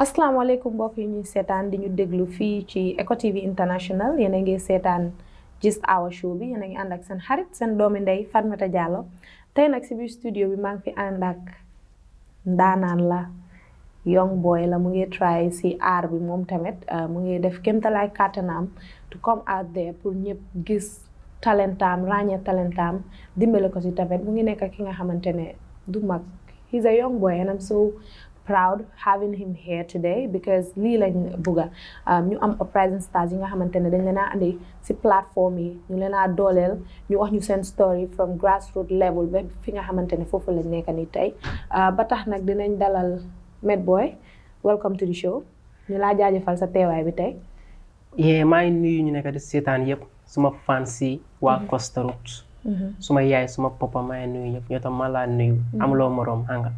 alaykum mbokk yi ñuy seetaan di ñu déglu fii ci Eco TV International yéen a ngi Just Gist awa show bi yéen a ngi ànd ak seen xarit seen doomi ndey Fatmata diallo tey nag si biir studio bi maa ngi fi ànd ak ndaanaan la young boy la mu ngi try si aar bi moom tamit euh, mu ngi def kéemtalaay kàttanaam to come out there pour ñëpp gis talentam ragne talentam di ko si tamit mu ngi nekk ki nga xamantene du mag he's a young boy and I'm so proud having him here today because li lañ buga um, ñu am uprising stars yi nga xamantene dañ leena andi si platform yi ñu leena dolel ñu wax ñu sen story from grassroots level ba fi nga xamantene fofu lañ nekk ni tey uh, ba tax nak dinañ dalal Med Boy welcome to the show ñu la jaajëfal sa teway bi tay ye may nuyu ñu nekk di setan yëpp suma fancy wa mm-hmm. Costa Route. Mm-hmm. suma yaay suma papa may nuyu ñëpp ñota mala nuyu mm-hmm. am lo morom hanga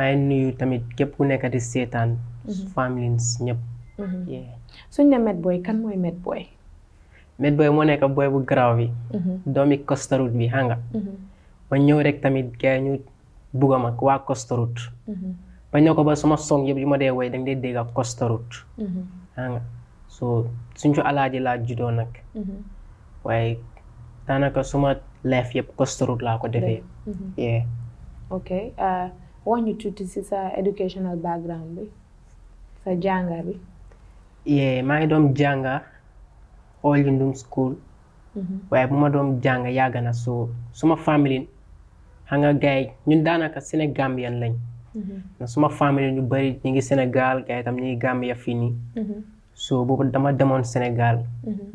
maa ngi tamit képp ku nekk di seetaan. Mhm. families ñëpp. Mhm. suñ ne Met Boy kan mooy Met Boy. Met Boy moo nekk boy bu garaaw bi. Mhm. doomi Kostarut bi xam nga. ñëw rek tamit gars ñu bugg mag waa Kostarut. ba ñëw ko ba suma song yëpp yu ma dee woy da nga dee dégg ak Kostarut. xam nga suñ ko alaaji laa daanaka suma life yëpp Kostarut laa ko defee. ok. Ah, wax ñu tuuti si sa educational background bi sa jànga bi yee maa ngi doon jànga Oilinding School mm-hmm. waaye bu ma doon jànga yàgg na soo suma family xam nga gaay ñun daanaka Sénégambian lañ mm-hmm. na suma family ñu bari ñu ngi Sénégal tam ñu ngi fii nii mm-hmm. soo boobu dama demoon Sénégal.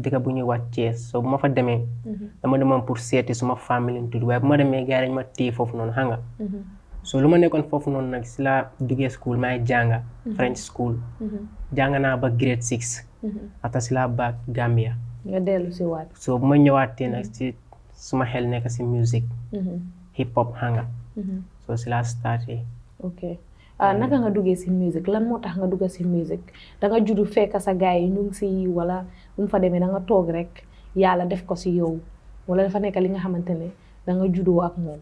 dëkk bu ñuy wax Thiès so bu ma fa demee. dama demoon pour seeti suma famille tuuti waaye bu ma demee gars yi dañ ma téye foofu noonu xam so luma ma nekkoon foofu noonu nag si school maay janga French school janga naa ba grade six ata si la Gambia nga dellu si waat so bu ma ñëwaatee nag si suma xel nekk si musique hip hop hanga so si la starté ok naka nga duggee si music, lan moo tax nga dugg si musique da nga juddu fekk sa gars ñu ngi si wala bu fa demee da nga toog rek yàlla def ko si yow wala dafa nekk li nga xamante ne da nga juddoo ak moom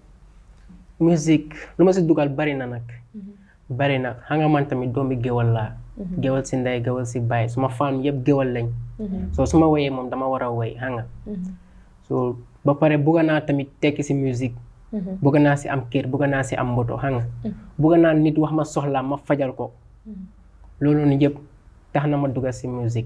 music luma ci dugal bari na nak mhm. bari na xam nga man tamit domi gewal la mhm. gewal si nday gewal ci baye suma fam yeb gewal lañ mhm. so suma waye mom, dama wara way woy so ba pare bëgg naa tamit tek si music bëgg naa si am keer bëgg naa si am moto xam nga bëgg naa nit wax ma soxla ma fajal ko lolou ni yeb taxna ma dugal si music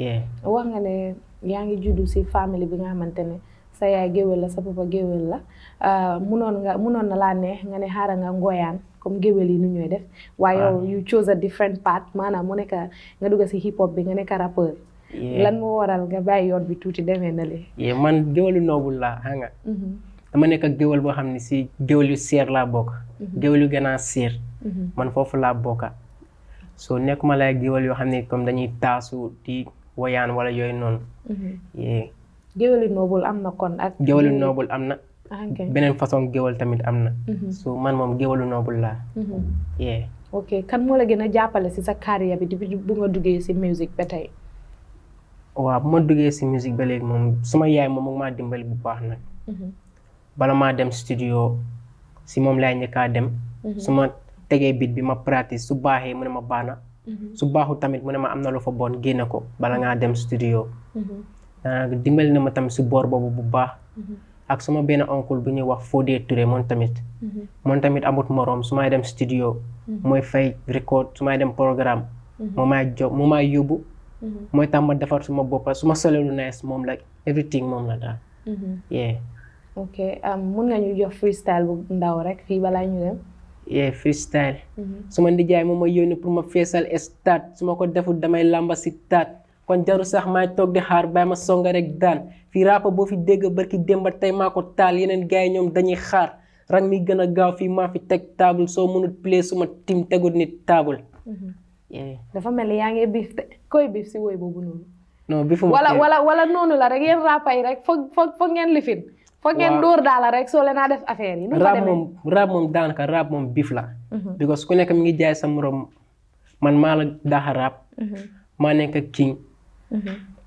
yeah wax nga ne yaangi juddou ci si bi nga xamantene sa yaay géwél la sa papa géwél la euh, munoon nga munoon na laa neex nga ne xaaral nga ngooyaan comme géwél yi nu ñooy def. waaye yow ah. you chose a different path maanaam mu nekk nga dugg si hip hop bi nga nekk rappeur. lan moo waral nga bàyyi yoon bi tuuti demee na le. man géwélu noobul laa xam nga. Mm-hmm. dama nekk ak géwél boo xam ne si géwél yu seer laa bokk. Mm-hmm. géwél yu gën a seer. Mm-hmm. man foofu laa bokka soo nekkuma lay géwél yoo xam ne comme dañuy taasu di woyaan wala yooyu noonu. géwélu nobul amna kon ak. géwélu nobul amna ah, benen façon géwél tamit amna mhm. so man mom géwélu nobul la mhm. yeah. ok kan mo la gëna jappalé ci si sa carrière bi depuis bu nga duggé si musique ba tay wa bu ma duggé si musique ba léegi mom suma yaay mom ma dimbal bu baax nak mhm. bala ma dem studio si mom lay ñëka dem. suma tégué tegee bit bi ma pratique su baaxé mu ne ma bana. su baaxu tamit mu ma amna lu fa bon génne ko bala nga dem studio. Ah, dimbali na ma tam si boor bu baax mhm. ak sama ben oncle bu ñuy wax Fodé Touré mon tamit mon mhm. tamit amut morom suma dem studio moy mhm. fay record suma dem programme moo may job moo may yobu moy tamba defar suma bop suma solo lu nees mom la everything mom la da yeah ok mën nga ñu jox freestyle bu ndaw rek fi bala ñu dem yeah freestyle suma ndijay moom ma yoni pour ma fessel stade suma ko deful damay lamba ci taat kon jaru sax maay toog xaar bàyyi ma songa rek daan fii rappa boo fi dégg barki démba tey maa ko taal yeneen gars yi ñoom dañuy xaar rang mi gën a gaaw fii maa fi teg taabul soo mënut play suma tiim tegul nit taabul mhm. eh. dafa mel ni yaa ngi biif koy biif si woy boobu noonu. non wala wala wala noonu la rek yéen rappa yi rek foog rek soo leen def affaire yi. nu mu fa demee rap moom biif la. Mhm. because ku nekk mi ngi jaay sa moroom man maa la daax rap. Mhm. maa nekk king.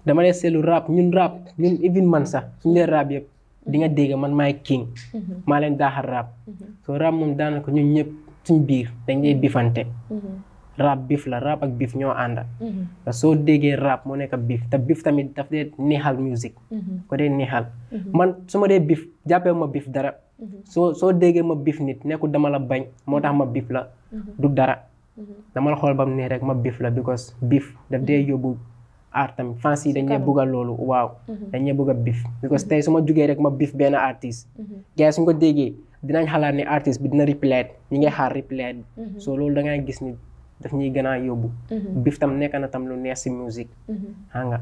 dama lay seetlu rap ñun rap ñun even man sax suñu leen rap yëpp di nga dégg man maay king maa leen daaxal rap soo rap moom daanaka ñun ñëpp suñ biir dañ lay bifante rap bif la rap ak bif ñoo ànd soo déggee rap moo nekk bif te bif tamit daf dee neexal musique ko dee neexal man su ma dee bif jàppee ma bif dara soo soo déggee ma bif nit nekkul dama la bañ moo tax ma bif la du dara dama la xool bam ne rek ma bif la because bif daf dee yóbbu Artam tamit fans dañ ñe bëgg loolu waaw dañ ñe bëgg because mhm. tay suma juggé rek ma bif ben artiste mhm. gars suñ ko déggé dinañ xalaat ni artiste bi dina reply ñi ngay xaar reply mhm. so loolu da ngay gis ni daf ñuy gëna yobbu bif tam nekk na tam lu neex ci musique ha nga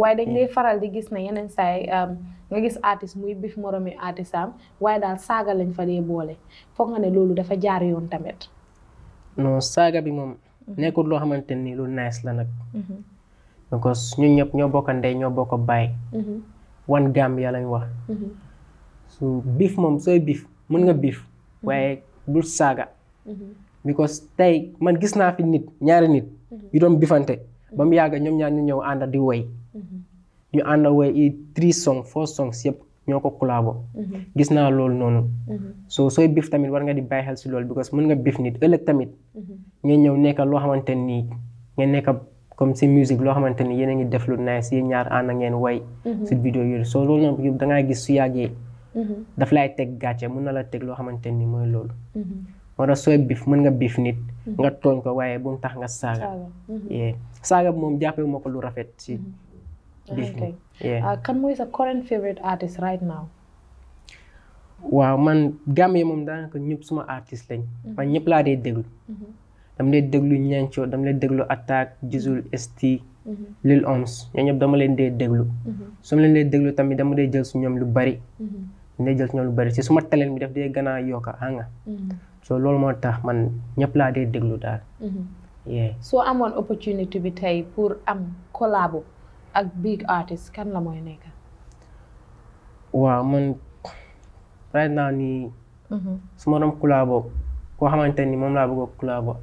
waaye dañ lay faral di gis na yeneen saay um, nga gis artiste muy bif moromi artiste am waaye daal saaga lañ fa dee boole foog nga ne loolu dafa jaar yoon tamit non saaga bi moom nekkul loo xamante lu nice la nag because ñoo ñëpp ñoo bokk ndey ñoo bokk bàyyi wan mm-hmm. Gambia lañ wax. Mm-hmm. su biif moom sooy biif mën nga biif. Mm-hmm. waaye du saaga. because tey man gis naa fi nit ñaari nit. yu doon bifante. ba mu yàgg ñoom ñaar ñu ñëw ànda di woy. ñu ànda woy i three song four songs yëpp ñoo ko kulaabo. gis naa loolu noonu. so sooy biif tamit war nga di bàyyi xel si loolu because mën nga biif nit ëllëg tamit. nga ñëw nekk loo xamante nii nga nekk. comme si musique loo xamante ni yéen a ngi def lu nice yéen ñaar ànd ngeen way mm-hmm. si vidéo yooyu soo loolu noonu yëpp da gis su yàggee mm-hmm. daf lay teg gàcce mun na la teg loo xamante ni mooy loolu moo mm-hmm. tax sooy bif mën nga bif nit nga tooñ ko waaye bu mu tax nga saaga moom jàppee moo ko lu rafet si bif nit uh, kan mooy sa current favorite artist right now waaw man Gambie moom daanaka ñëpp suma artiste lañ man ñëpp laa dee déglu dama dee déglu ñenco dama dee déglu attaque gisul sti mhm. lil ons ñoo ñëpp dama leen dee déglu mhm. su ma leen dee déglu tamit dama dee jël su ñoom lu bari mhm. dama dee jël su ñoom lu bari si suma talent bi daf dee gën yokk a nga moo tax man ñëpp laa dee déglu daal soo amoon opportunité bi tey pour am collabo ak big artist kan la mooy nekk waaw man right now nii su ma doon collabo koo xamante ni moom laa bëgg collabo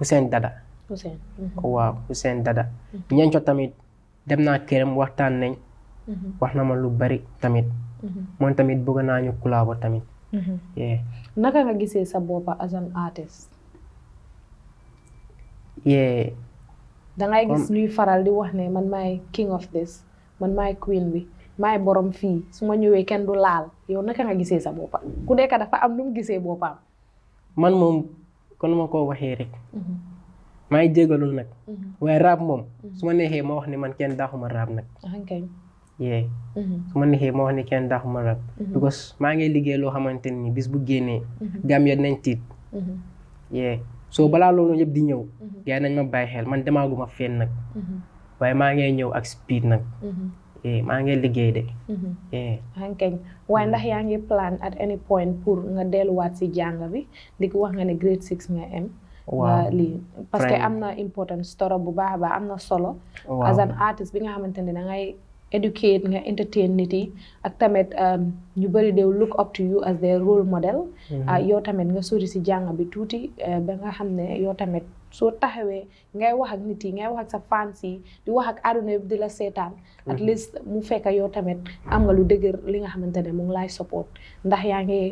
Hussein Dada Hussein ko mm-hmm. Hussein Dada ñanco mm-hmm. tamit dem na kërëm waxtaan nañ mm-hmm. Waxna ma lu bari tamit Mon tamit bëgg naa ñu tamit yeah naka nga gisé sa bopa as an artist yeah da ngay gis ñuy faral di wax ne man may king of this man may queen bi may borom fi, suma ñëwé ñëwee kenn du laal yow naka nga gisé sa bopa? ku nekk dafa am lu mu gisé man mom kon ma ko waxee rek mhm. maa ngi jégalul nag mhm. waaye ràbb moom mhm. su ma neexee ma wax ni man kenn daaxuma raab nag ah, yee su ma neexee ma wax because maa ngi liggéey loo xamante nii bis bu génnee Gambia nañ tiit yee soo balaa loolu yëpp di ñëw gars yi nañ ma bàyyi xel man demaaguma fenn nag waaye maa ngi ñëw ak speed nag Eh, maa ngi liggéey de. ankañ mhm. eh. waaye ndax yaa ngi plan at any point pour nga delluwaat si jàng bi di ko wax nga ne grade six nga am. lii parce que am na importance torop bu baax baax am na solo. as an artist bi nga xamante ne da ngay educate nga entertain nit yi ak tamit um, ñu bëri de look up to you as their role mhm. ah, yow tamit nga sori si jàng bi tuuti eh, ba nga xam ne yow tamit. so taxawé ngay wax ak nit yi ngay wax ak sa fans yi di wax ak aduna di la at mhm. least mu fekk yow tamit am nga lu deuguer li nga xamantene mo ngi lay support ndax ya ngay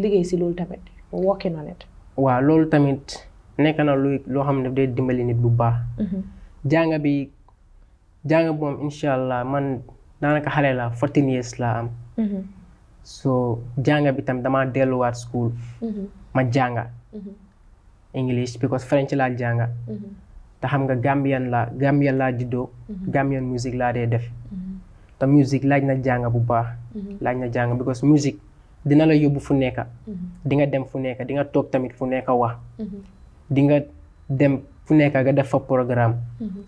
liggéey ci loolu tamit working on it wa loolu tamit nek na lu lo xamne day dimbali nit bu baax mhm. bi jànga mom inshallah man daanaka xalé la 14 years la am mhm. so jànga bi tam dama wat school ma janga English because French laa jànga mm-hmm. te xam nga Gambian laa Gambian laa juddoo mm-hmm. Gambian music laa dee def mm-hmm. te music laaj na jànga bu baax laaj na jànga because music dina la yóbbu fu nekka di nga dem fu nekka di nga toog tamit fu nekka wax di nga dem fu nekka nga def fa programme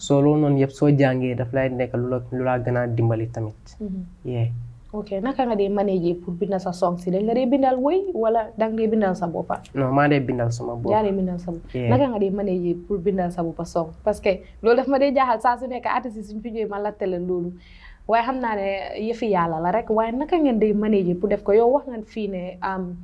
soo loolu noonu yëpp soo jàngee daf lay nekk lu la lu laa gën a dimbali tamit ok naka nga dee manager pour bindal sa song si dañ la bindal woy wala dang bindal sa boppa non maa dee bindal sama bopp naka nga dee manager pour loolu daf ma dee jaaxal saa su nekk artiste suñ xam naa ne yëfi yàlla la rek waaye naka ngeen dee manager pour def ko yow wax nga fii ne um,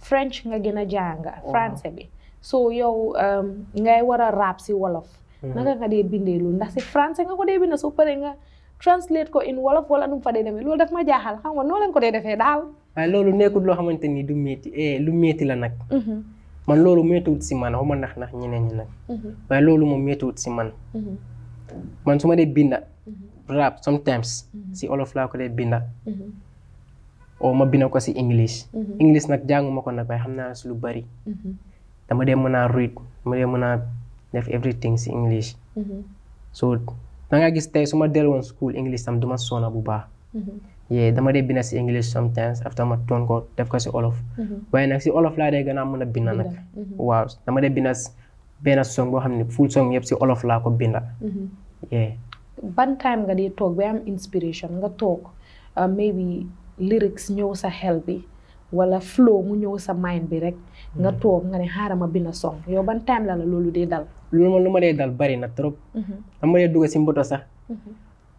French nga gën a jànga français bi so yow um, ngay war a rap si wolof hmm. naka nga dee bindee loolu ndax si français nga ko dee bind soo paree nga translate ko in wolof wala nu mu fa dee demee loolu daf ma jaaxal xam nga noo leen ko dee defee daal. waaye loolu nekkul loo xamante nii du métti eh, lu métti la nag. Mm-hmm. man loolu méttiwut si man xuma nax nax ñeneen nag. Mm-hmm. waaye loolu moom méttiwut si man. Mm-hmm. man su ma dee binda. rap sometimes. si olof laa ko dee binda. oo ma binda ko si english. english nag jànguma ko nag waaye xam naa si lu bari. dama dee mën a read dama dee mën a def everything si english. so da nga gis tey su ma delluwoon school english tam du ma sona bu baax. Mm-hmm. yee dama dee binda si english sometimes after ma toon ko def ko si olof. Mm-hmm. waaye nag si olof laa dee gën mën a binda nag. Mm-hmm. waaw dama dee binda benn song boo xam ne full song yëpp si olof laa ko binda. yee. ban time nga dee toog ba am inspiration nga toog uh, maybe lyrics ñëw sa xel bi. wala flow mu ñëw sa mind bi rek. nga toog nga ne xaaral ma binda song yow ban time la la loolu dee dal. loolu man lu ma dee dal bari na trop. Mhm. ma dee dugg si mboto sax. Mhm.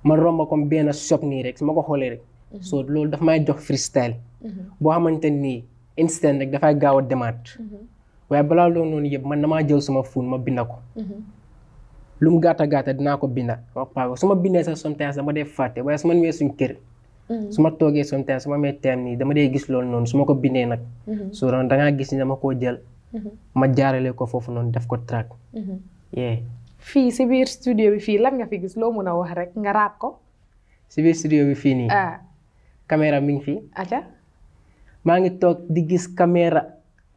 ma romba comme benn shop nii rek su ma ko xoolee rek. Mhm. soo loolu daf may jox freestyle. boo xamante ni instant rek gaaw demaat. waaye balaa loolu noonu yëpp man damaa jël suma fóon ma binda ko. lu mu gàtta dinaa ko binda ma paago bindee sax sometimes dama dee fàtte waaye su ma ñëwee suñ kër. ma toogee sometimes su ma mee nii dama dee gis loolu su ma ko bindee nag. da ngaa gis koo jël. Mhm. ma jaarale ko fofu non def ko track. Mhm. Yeah. Fi ci bir studio bi fi lan nga fi gis lo mun wax rek nga rap ko. ci bir studio bi fi ni ah. camera mi ngi fi. aca. ma ngi tok di gis camera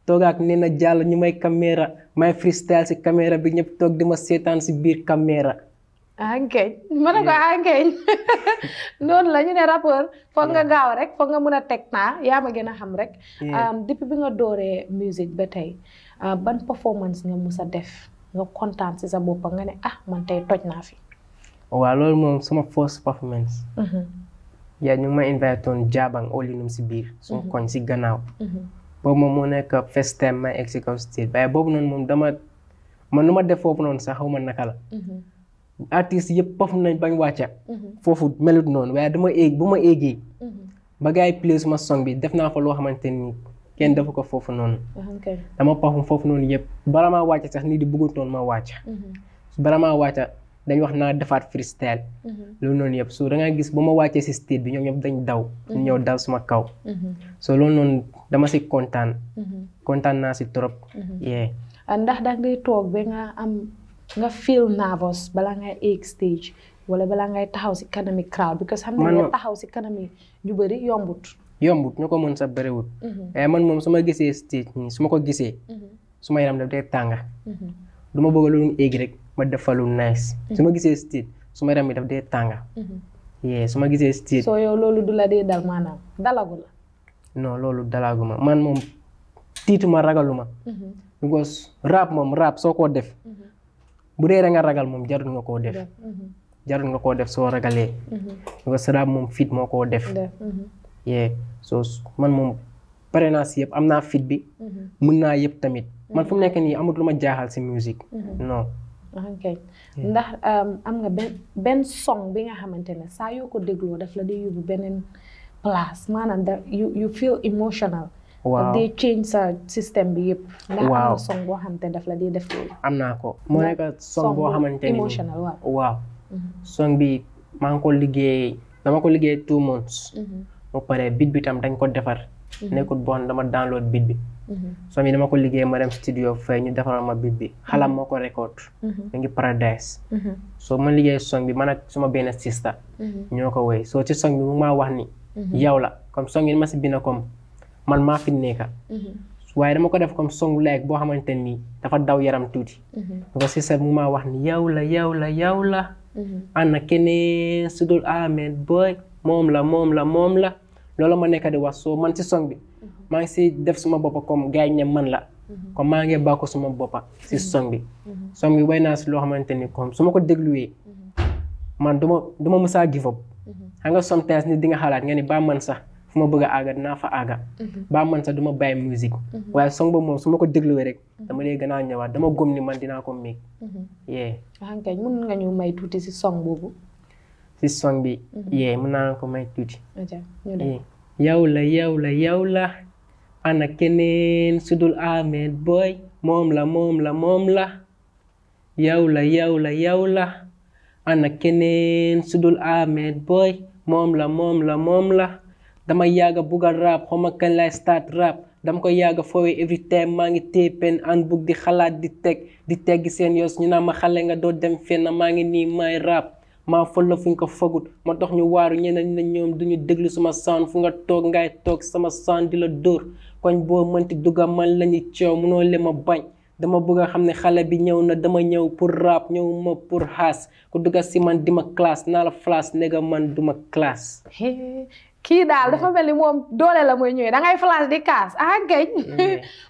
kamera. ak nee jall ñu may freestyle ci camera bi ñep tok dima ma ci bir camera enkeñ mën a iya. ko enkeñ Non la ñu ya, ne rappeur nga iya. gaaw rek foog nga mun a teg naa ya, ma gëna xam rek iya. depuis bi nga dooree musique ba ban performance nga mësa def nga kontaan ci sa bop nga né ah man tay toj na fi Wa oh, lool mom sama first performance mhm. ya ñu ma on jabang jaabang olinum si biir suñ mhm. koñ ci gannaaw mhm. boobu mom mo nekk first time ma exécuter. Ba bop non mom dama man numa def foofu non sax xawma nakala. naka artiste yep pof nañ bañ wàcca mhm. fofu melut non, waye dama egg buma eggé mhm. ba gay plus ma song bi defna naa fa loo ken ni kenn ko fofu non dama pof fofu non yep bala maa sax ni di ton ma wàcca mhm. bala maa wàcca dañ wax na defaat freestyle lo non yep so da nga gis buma ma ci si bi ñom ñep dañ daw ñew daw suma kaw so lo non, dama si contane contane na si trop yee ah, ndax dag ngay tok be nga am nga feel nervous bala ngay egg stage wala bala ngay taxaw ci kanami crowd because xam nga taxaw ci kanami ñu bari yombut yombut ñoko mën sa -hmm. eh man mom suma gisee stage ni suma ko gisee mhm. suma yaram daf day tanga mhm. duma bëgg lu egg rek ma defalu nice suma mhm. gisee stage suma yaram daf day tanga yeah suma gisee stage so yow lolu dula dé dal manam dalagula non lolu dalaguma man mom ma ragaluma because rap mom rap soko def mm bu dee da nga ragal moom jarul nga koo def mhm. jarul nga koo def soo ragalee mhm. nga moom fit moo koo def mhm. yee so man moom pare naa si fit bi mën naa yëpp tamit man fu mu nekk nii amut lu ma jaaxal si musique non Okay, ndax am nga ben, ben song bi nga xamante ne saa yoo ko dégloo daf la di yóbbu beneen place maanaam you you feel emotional waaw day change sa système bi yëpp. waaw ndax am na song boo xamante naa ko moo nekk song boo xamante ne emotional waaw. waaw mhm. bi maa ko liggéey dama ko liggéey two months. Mhm. ba pare bi tam dañ ko defar. Mhm. nekkul bon dama download bit bi. song bi ko liggéey ma dem studio ma bit bi ko record. mu ngi ma liggéey song bi man ak suma benn sista. ñoo ko wéy soo ci song bi mu maa wax ni. yow la comme song yi ma si bind comme. man ma fi nekk mm-hmm. waye dama ko def comme song leg bo xamanteni dafa daw yaram tuti parce mm-hmm. ci sa mu wax ni yaw la yaw la yaw la mm-hmm. ana kene sudul amen Boy momla la momla. la mom la lolo ma nekk di wax so man si song bi ma ngi ci def suma boppa comme gars man la ko ma ngi bako suma si song bi song bi wayna ci si xamanteni comme suma ko degluwe man duma duma musa give up nga sometimes ni di nga xalat nga ni ba man sax Mau bëgg aga aaga fa aga mhm. ba man sa duma bay musique mhm. waye song ba mom suma ma ko deglu rek mhm. dama lay gëna ñëwaat dama gom ni man dina ko méeg mën nga ñu may tuti si song bobu si song bi ye mën na ko may tuti yaw la yaw la yaw la ana kenen sudul Ahmed Boy momla la momla. la mom la yaw la yaw la yaw la ana kenen sudul Ameth Boy momla la momla. la mom la dama yaga buga rap xoma kan lay start rap dam ko yaga fowé every time mangi tépen and pen bug di xalat di teg di tegg sen yos ñu na ma xalé nga do dem fenn mangi ni may rap ma fol fuñ ko fagut ma tax ñu waru ñeneen na ñoom duñu deglu sama son fu nga tok ngay tok sama sound di la dor koñ bo mënti duga man lañu ciow mëno le ma bañ dama bëgg a xalé ne bi ñëw na dama ñëw pour rap ñëw ma pour has. ku duga si man di ma na la flash nega man duma class kii daal dafa hmm. mel ni moom doole la mooy ñëwee dangay ngay di kaas ahankeñ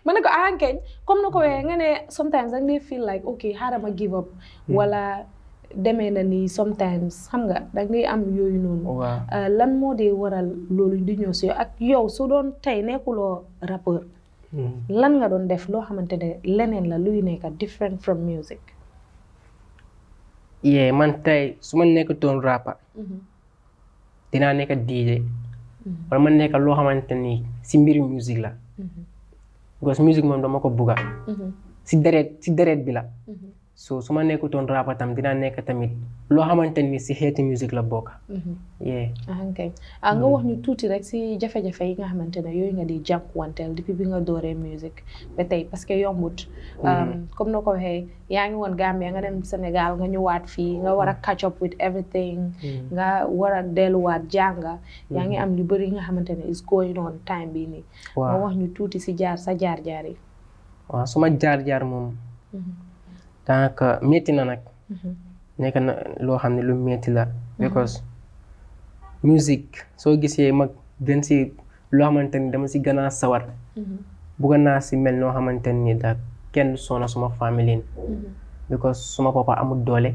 ma ne ko ahankeñ comme na ko ah wee nga ne sometimes da ngay feel like ok xaaral ma give up hmm. wala demee na nii sometimes xam nga dangay am yooyu noonu euh, lan moo dee waral loolu di ñëw si yow ak yow su doon tey nekkuloo rappeur hmm. lan nga doon def loo xamante ne leneen la luy nekka different from music yee man tey su ma nekkutoon rapper mm-hmm. dinaa nekk DJ Mm-hmm. wala ma nekk loo xamante ni si mbiri la mm-hmm. because musique moom dama ko bugga mm-hmm. si deret si bi la so su ma nekkutoon rap tam dina nekk tamit loo xamante ni si xeeti musique la bokk. Mhm. yee. Ah, ok nga mm. wax ñu tuuti rek si jafe-jafe yi nga xamante ne yooyu nga di jànkuwanteel depuis bi nga dooree musique ba tey parce que yombut. comme mm-hmm. um, noo ko waxee yaa ngi woon Gambia nga dem Sénégal nga ñëwaat fii nga war a mm-hmm. catch up with everything. Mm-hmm. nga war a delluwaat jànga. yaa ngi am lu bëri nga xamante ne is going on time bii nii. waaw nga wax ñu tuuti si jaar sa jaar jaar yi. waaw suma jaar jaar moom. Mhm. daanaka métti na nag mm-hmm. nekk na loo xam ne lu métti la mm-hmm. because musique soo gisee mag gën si loo xamante ni dama si gën a sawar mm-hmm. bëgg naa si mel noo xamante ni daal kenn soona suma famille because suma papa amul doole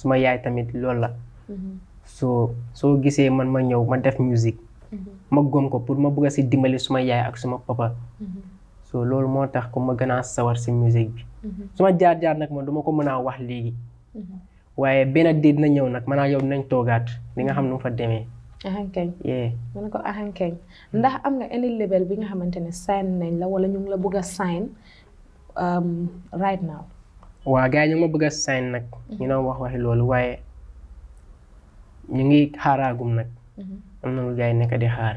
suma yaay tamit loolu la so soo gisee man ma ñëw ma def musique ma gom ko pour ma bëgg si dimbali suma yaay ak suma papa so loolu moo tax ko ma gën a sawar si musique bi mhm. suma jaar-jaar nag man duma ko mën a wax léegi mhm. waaye benn déet na ñëw nag man yow nañ toogaat li nga xam nu mu fa demee ahankañ ma ne ko ahankañ ndax am na any label bi nga xamante ne sign nañ la wala ñu la bëgg a sign um, right waa gaa yi ñu ma bëgg a sign nag mhm. ñu doon wax waxi loolu waaye ñu ngi xaaraagum nag am na lu gars yi nekk di xaar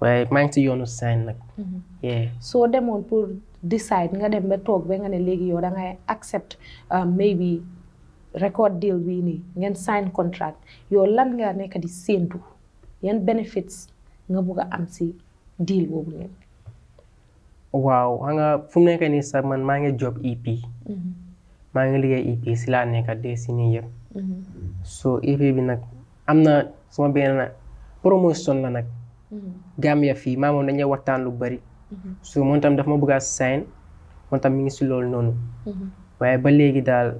waaye maa ngi ci yoonu sign nag. Mhm. soo demoon pour decide nga dem ba toog ba nga ne léegi yow da ngay accept uh, maybe record deal bii nii ngeen sign contract yow lan nga nekk di séentu yan benefits nga bugg a am si deal boobu nii. waaw fu mu nekk nii sax man maa ngi job EP. Mhm. maa ngi liggéey EP si laa nekk de si nii so EP bi nag am na sama benn promotion la nag. Mm-hmm. Gambia ya ma mo dañuy waxtaan lu bari. Mm-hmm. so moom tam dafa ma bëgg sign moom tam mi ngi si loolu noonu. Mm-hmm. waaye ba léegi daal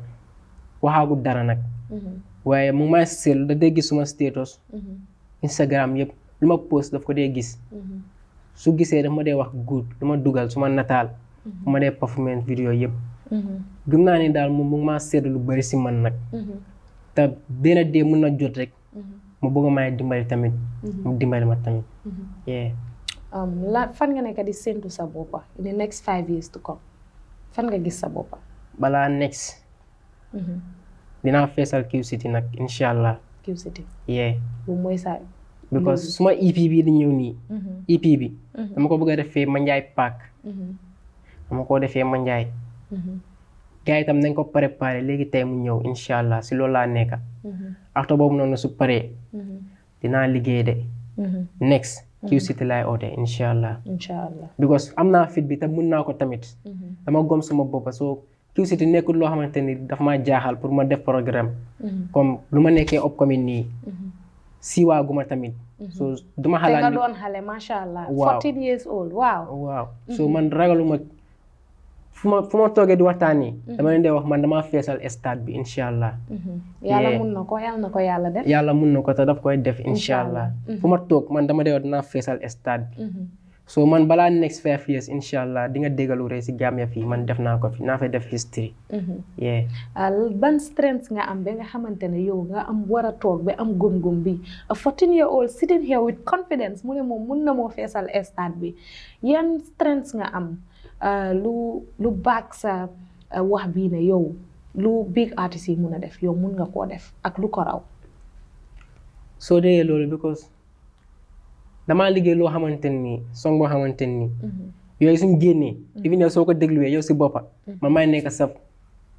waxaagut dara nag. waaye mu may da suma status. Instagram yep lu ma post daf ko dee gis. su gisee daf ma dee wax good lu ma suma nataal. ma performance video yep. gëm naa dal daal mu ma seetlu lu bari si man nak ta jot rek. mu bëgg maa dimbali tamit. Mhm. mu dimbali ma tamit. Mhm. Um, la fan nga nekk di séntu sa boppa in the next five to nga gis sa boppa balaa next. Mhm. dinaa feesal QCity nag incha allah. QCity. yee. bu mooy sa. because suma EP bi di ñëw nii. EP bi. dama ko bëgg a defee Manjai Park. dama ko defee Manjai. gars yi tam nañ ko préparé léegi tey mu ñëw incha allah si loolu laa nekk. acte mhm. boobu noonu su paree. Mhm. dinaa liggéey de. Mhm. next QCT laay oote incha allah. incha allah because am naa fit bi te mun naa ko tamit. dama gom sama bopp soo QCT nekkul loo xamante ni daf jaaxal pour ma def programme. comme lu ma nekkee upcoming nii. siiwaaguma tamit. so duma xalaat te nga doon xale macha allah. waaw years old waaw. waaw so man ragaluma. fuma fuma toge di waxtaanee. Mhm. dama leen de wax man dama feesal ya stade bi inshallah mhm. allah. mun nako ko nako yalla ko def. yalla mun nako ko daf koy e def inshallah mhm. fuma tok man dama de wax stade bi. so man bala next five years inshallah di nga déggalu re si gamya fi man def nako ko fi na fay def history. ban strength nga am be nga xamantene yow nga am wara a be am gum gum bi a 14 year old sitting here with confidence mune mom mun na mo feesal stade bi yan strength nga am. Euh, lu lu baag sa euh, wax bii ne yow lu big artist yi mun a def yow mun nga koo def ak lu ko raw. soo dee loolu because damaa liggéey loo xamante ni song boo xamante ni. Mm-hmm. yooyu suñ génnee. Mm-hmm. even yow soo ko dégluwee yow si boppa mm-hmm. ma may nekk sab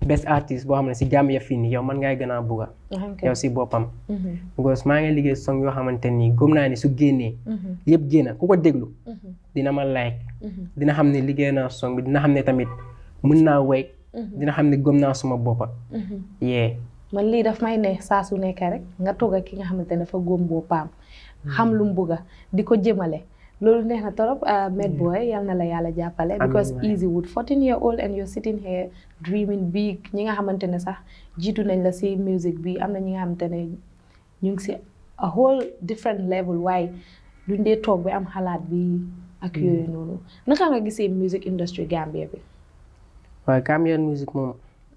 best artist boo xam ne si Gambia fii nii yow man ngay gën a bugga yow si boppam mhm. because maa ngi liggéey song yoo xamante nii gëm naa ne su génnee mhm. yëpp génna ku ko déglu mhm. dina ma like dina xam ne liggéey naa song dina xam ne tamit mun naa way dina xam ne gëm naa suma boppa yee man lii daf may ne saa su nekkee rek nga toog ak ki nga xamante ne dafa góom boppam mm. xam lum mu bugga di ko jëmale loolu neex na torop euh, Med mm. Boy yal na la yàlla jàppale because easy wood fourteen year old and you're sitting here dreaming big ñi nga xamante ne sax jiitu nañ la si music bi am na ñi nga xamante ne ñu ngi si a whole different level waaye duñ dee toog bi am xalaat bi ak mm. yooyu noonu naka nga gisee music industry Gambia bi waaw Gambian music moom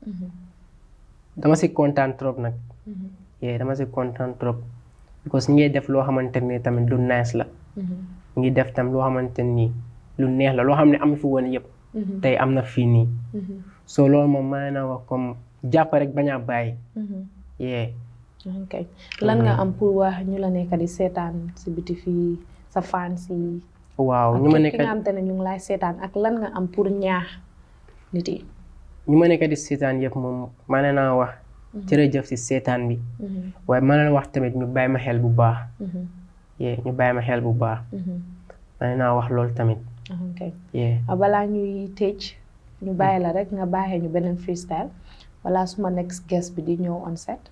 mm-hmm. dama si kontaan trop nag mm-hmm. yee dama si kontaan trop because ñu def loo xamante ne tamit lu nice la mm-hmm. ngi def tam lo xamanteni lu neex la lo xamne am fi woon yeb mhm. tay amna fi ni mhm. so loolu moom maa wa comme japp rek baña bay mhm. ye okay lan nga am pour wax ñu la nekk di setan si biti fi sa fans yi waaw ñu ma nekk nga am tane ñu ngi laay seetaan ak lan nga am pour ñaax niti ñu ma nekk di setan yeb mom maa ne naa wax jërëjëf si bi waye maa wax tamit ñu bàyyi ma xel bu baax yee ñu bàyyi ma xel bu baax mm-hmm. dana naa wax loolu tamit yee ah, balaa ñuy tëj ñu bàyyi la rek nga baaxee ñu beneen freestyle wala suma nekk guest bi di ñëw on set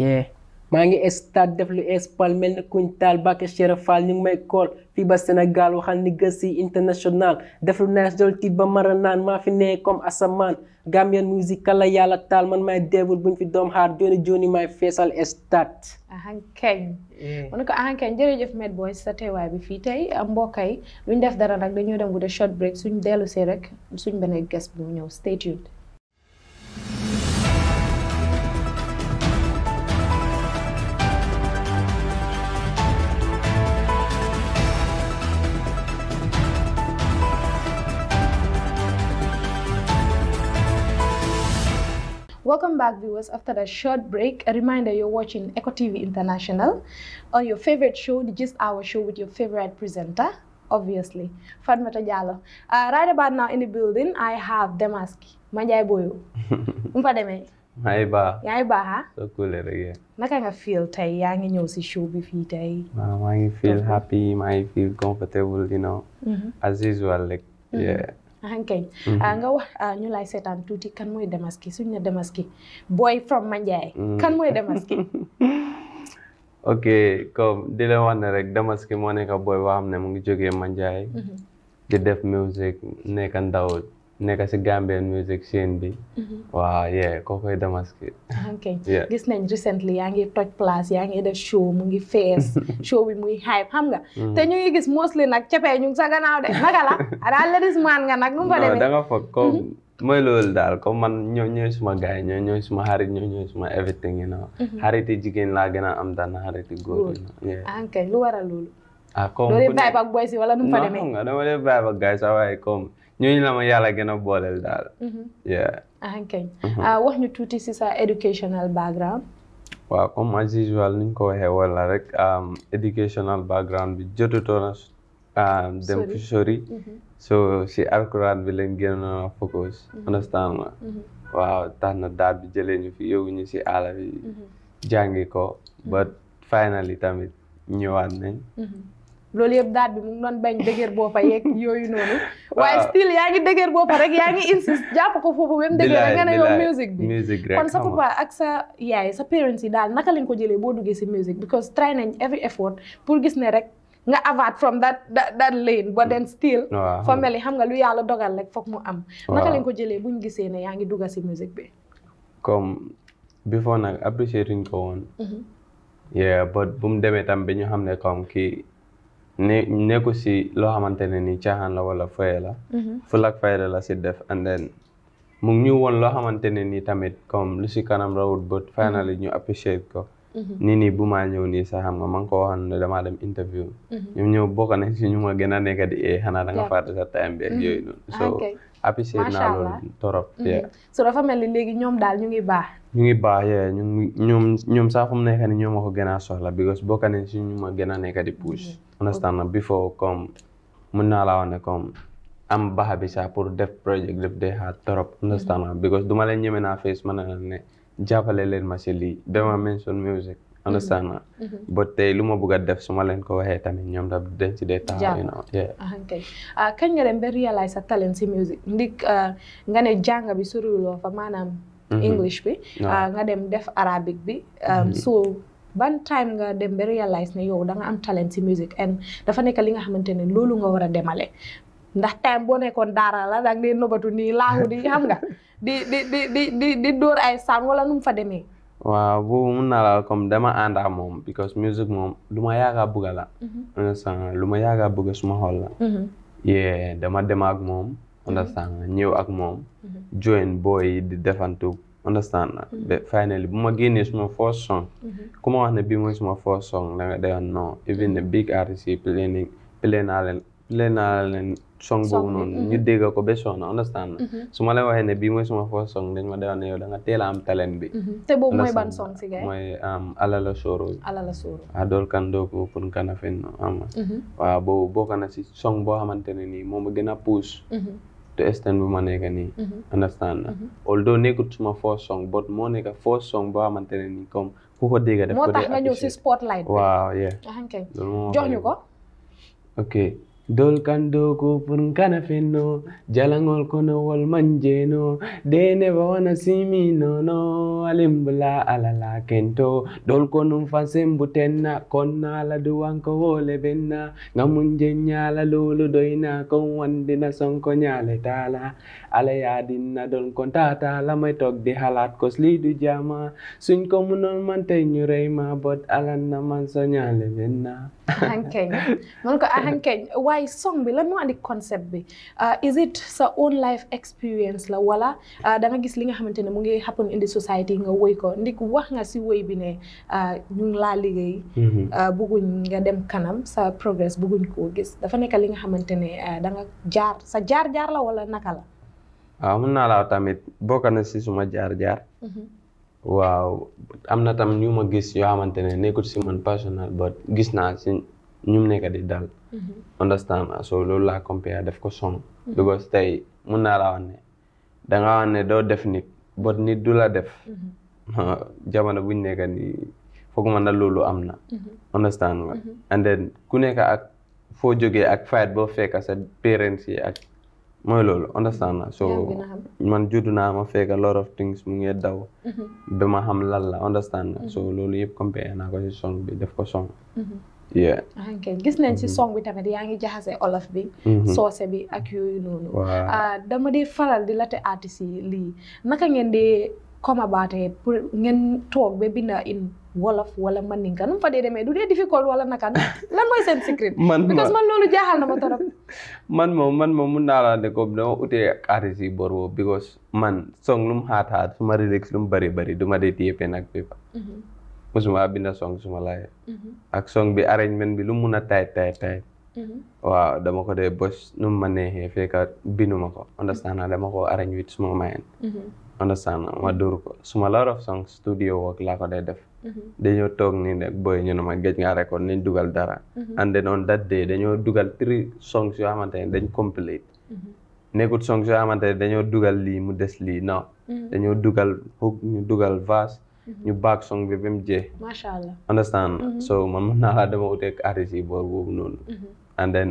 yee maa ngi stade def lu espal mel ni kuñ taal Bakké Chéré Fall ñu may kool fii ba Sénégal waxal ni gësi international def lu neex dool tiit ba mara naan maa fi nee comme asamaan Gambian music kala yàlla taal man maay déebul buñ fi doom xaar joni joni maay feesal stade ahankeñ mm. mu ne ko ahankeñ jërëjëf Med Boy sa teewaay bi fii tey am mbokkay luñ def dara nag dañoo dem bu de short break suñ dellu see rek suñ beneen guest bi ñëw stay tuned Welcome back, viewers, after that short break. A reminder you're watching Echo TV International on your favorite show, the Just Our show with your favorite presenter, obviously, Fatma Jallo. Uh, right about now in the building, I have Demaski, Manjai Boyo. Umpademe? Hi ba. Yaay ba ha? So cool eh, again. Naka nga feel tay yaa ngi ñëw ci show bi fii tey. Maa feel happy, I feel comfortable, you know. Mm -hmm. As usual, like, mm -hmm. yeah. Mm-hmm. ankay ah, mhm. ah, nga wax ah, ñu lay seetaan tuuti kan mooy Demaski suñ ne Demaski booy from Mandiaye mhm. kan mooy Demaski ok comme di leen wax ne rek Demaski moo nekk booy boo xam ne mu ngi jógee Mandiaye mhm. di def music nekka ndaw nekk si Gambian music scene bi. Mm-hmm. waaw yeah kookoy Damaski. Ah, ok gis nañ recently yaa ngi toj place yaa ngi def show mu ngi fees show bi muy hype xam nga. Mm. te ñu ngi gis mostly nag cepee ñu ngi sa gannaaw de naka la daal ladies man nga nag nu mu ko demee. da nga foog comme mm-hmm. mooy loolu daal comme man ñoo ñooy suma gaay ñoo ñooy suma xarit ñoo ñooy suma everything you know. Mm-hmm. xariti jigéen laa gën a am daan na xariti góor yi. Ah, ok lu waral loolu. ah comme doo dee vibe ak boys yi wala nu mu fa demee. non nga dama dee vibe ak sa waaye comme. ñooñu la ma yàlla gën a booleel daal. Mhm. yeah. ah kay. Mhm. Ah, wax ñu tuuti si sa educational background. waaw comme as usual ni ko waxee woon la rek um, educational background bi jotutoon na um, dem fi sori. Mhm. si alkuraan bi lañ gënoon a focus. understand ma. waaw tax na daal bi jëlee ñu fi yóbbu ñu si àll bi. jàngi ko but finally tamit ñëwaat nañ. loolu yëpp daat bi mu ngi doon bañ dëgër boppa yeeg yooyu noonu waaye still yaa ngi dëgër boppa rek yaa ngi insist jàpp ko foofu ba mu dëgër rek nga ne yow musique bi kon sa papa ak sa yaay sa parents yi daal naka lañ ko jëlee boo duggee si musique because nañ every effort pour gis ne rek nga avert from that that, that lane but then still family xam nga lu yàlla dogal rek foog mu am naka lañ ko jëlee buñ gisee ne yaa ngi dugga si musique bi comme before nag appreciate ko woon mm-hmm. yeah but bu mu demee tam bi ñu xam ne comme kii ne nekku si loo xamante ne ni caaxaan la wala foye la mhm. ful ak fayda la si def and then mu ñu woon loo xamante ne ni tamit comme lu si kanam rawut bët finally ñu appreciate ko nii mhm. nii bu maa ñëw nii sax xam nga man koo xam ne damaa dem interview mhm. ñoom ñëw bokk na si ñu ma gën a nekk di ee eh, xanaa da nga fàtte sa time bi ak mhm. yooyu noonu so apprécié naa loolu torop so dafa mel ni léegi ñoom daal ñu ngi baax ñu ngi baax yee ñu ñoom ñoom saa fu mu ñoom ma ko gën a soxla because bokk na ñu ma gën a nekk di push understand na before comme mun naa la wax ne comme am baax bi sax pour def project def day hard torop understand na because du ma leen ñeme naa face mën na ne jàppale leen ma li lii dama mention music understand na mm-hmm. mm-hmm. ba tey lu ma bëgg a def su ma leen ko waxee tamit ñoom daf dañ si dee taxaw you know ah, ah, sa talent si music ndik ah, nga ne jàng bi suruloo fa maanaam mm-hmm. english nga dem def arabic bi um, so ban time nga dem ba réaliser ne yow da am talent si music dafa nekk li nga xamante ne loolu nga war a demale ndax time boo nekkoon daara la dang dee nobatu nii laagu di xam nga di di ay saan wala nu fa demee waaw boobu mun naa la comme dama ànd ak moom because music moom lu ma yaaga bëgga la mhm. lu ma yaaga bëgga suma xol mhm. dama dem ak moom understand mhm. ñëw ak moom join booy di defantu understand finally bu ma génnee suma first song ku ma wax ne bii mooy suma first song da nga dewan even the big artist yi play naa leen play song boobu noonu ñu dégg ko ba sonn understand na mm-hmm. su ma la waxee ne bii mooy suma first song dañ ma day wax ne yow da nga teel a am talent bi mm-hmm. te boobu mooy ban song si gay mooy um, alala soro alala soro a dool kan doo ko pour kana fen ama mm-hmm. waaw boobu bokk na si song boo xamante ne nii moom a gën a pousse to extent bu ma nekk nii understand na although nekkut suma first song but moo nekk first song boo xamante ne nii comme ku ko dégg def ko dee moo tax nga ñëw si spotlight waaw yeah ah, jox ñu ko ok dol kando kufun kana fenno jalangol kono wol manjeno dene wana simi nono alimbla alala kento dol kono fasembu tenna konna la duwanko wole benna ngamun jenyala lulu doina kon wandina sonko nyale tala ala yaa dina doon kontaata la may toog di xalaat kos lii du jaama suñ ko munoon man tey ñu rey ma bot alan na man soñaale benna ahankeñ mun ko ahankeñ waaye song bi lan moo andi concept bi uh, is it sa own life experience la wala uh, da nga gis li nga xamante mu ngi happen in the society nga woy ko ndik wax nga si woy bi ne ñu uh, ngi laa liggéey mm-hmm. bëgguñ nga dem kanam sa progress bëgguñ koo gis dafa nekk li nga xamante ne da nga jaar sa jaar jaar la wala naka la waaw mun naa laa tamit bokk na si suma jaar-jaar mhm. waaw am na tam ñu ma gis yoo xamante ne nekkul si man personnel but gis naa si ñum nekk di dal mhm. understand ah, so loolu laa compare def ko song mhm. because tey mun naa laa wax ne danga wax doo def nit but ni du la def jamono buñ nekk ni foog na loolu am na understand nga and then ku nekk ak foo jógee ak fight boo fekk sa parents yi mooy loolu understand na so man juddu naa ma fekk a lot of things mu ngi daw mm-hmm. ba xam lan la understand na so mm-hmm. loolu yëpp compare naa ko ci song bi def ko song mm-hmm. yeah gis nañ si song bi tamit yaa ngi jaxase olof bi soose bi ak yooyu noonu ah, dama dee faral di latte artiste yi lii naka ngeen dee comme abaatee pour ngeen toog ba binda in wolof wala maninka nu mu fa de demé du dé difficult wala nakan lan moy sen secret. man man lolu jaxal na ma torop. man mom man mom mën na la né ko do outé artiste borwo because man song lum hat hat suma relax lum bari bari duma dé dee nak pen ak mhm. musuma binda song suma lay mhm. ak song bi arrangement bi lum mëna tay tay tay. waaw dama ko dé bos num mu ma neexee binuma ko understand na dama ko arrange with suma mayen. Mhm. understand na ma ko suma lot of songs studio work la ko dé def. Mm-hmm. dañoo toog nii nag booy ñu ne ma géej nga record nañ dugal dara. Mm-hmm. and then on that day dañoo dugal three songs yoo xamante ne dañ complete. Mm-hmm. nekkut songs yoo xamante ne dañoo dugal lii mu des lii non. dañoo dugal hook ñu dugal verse. ñu baag song bi ba mu jeex. macha allah understand so man mun naa laa dama uteeg artiste yi boor boobu noonu. and then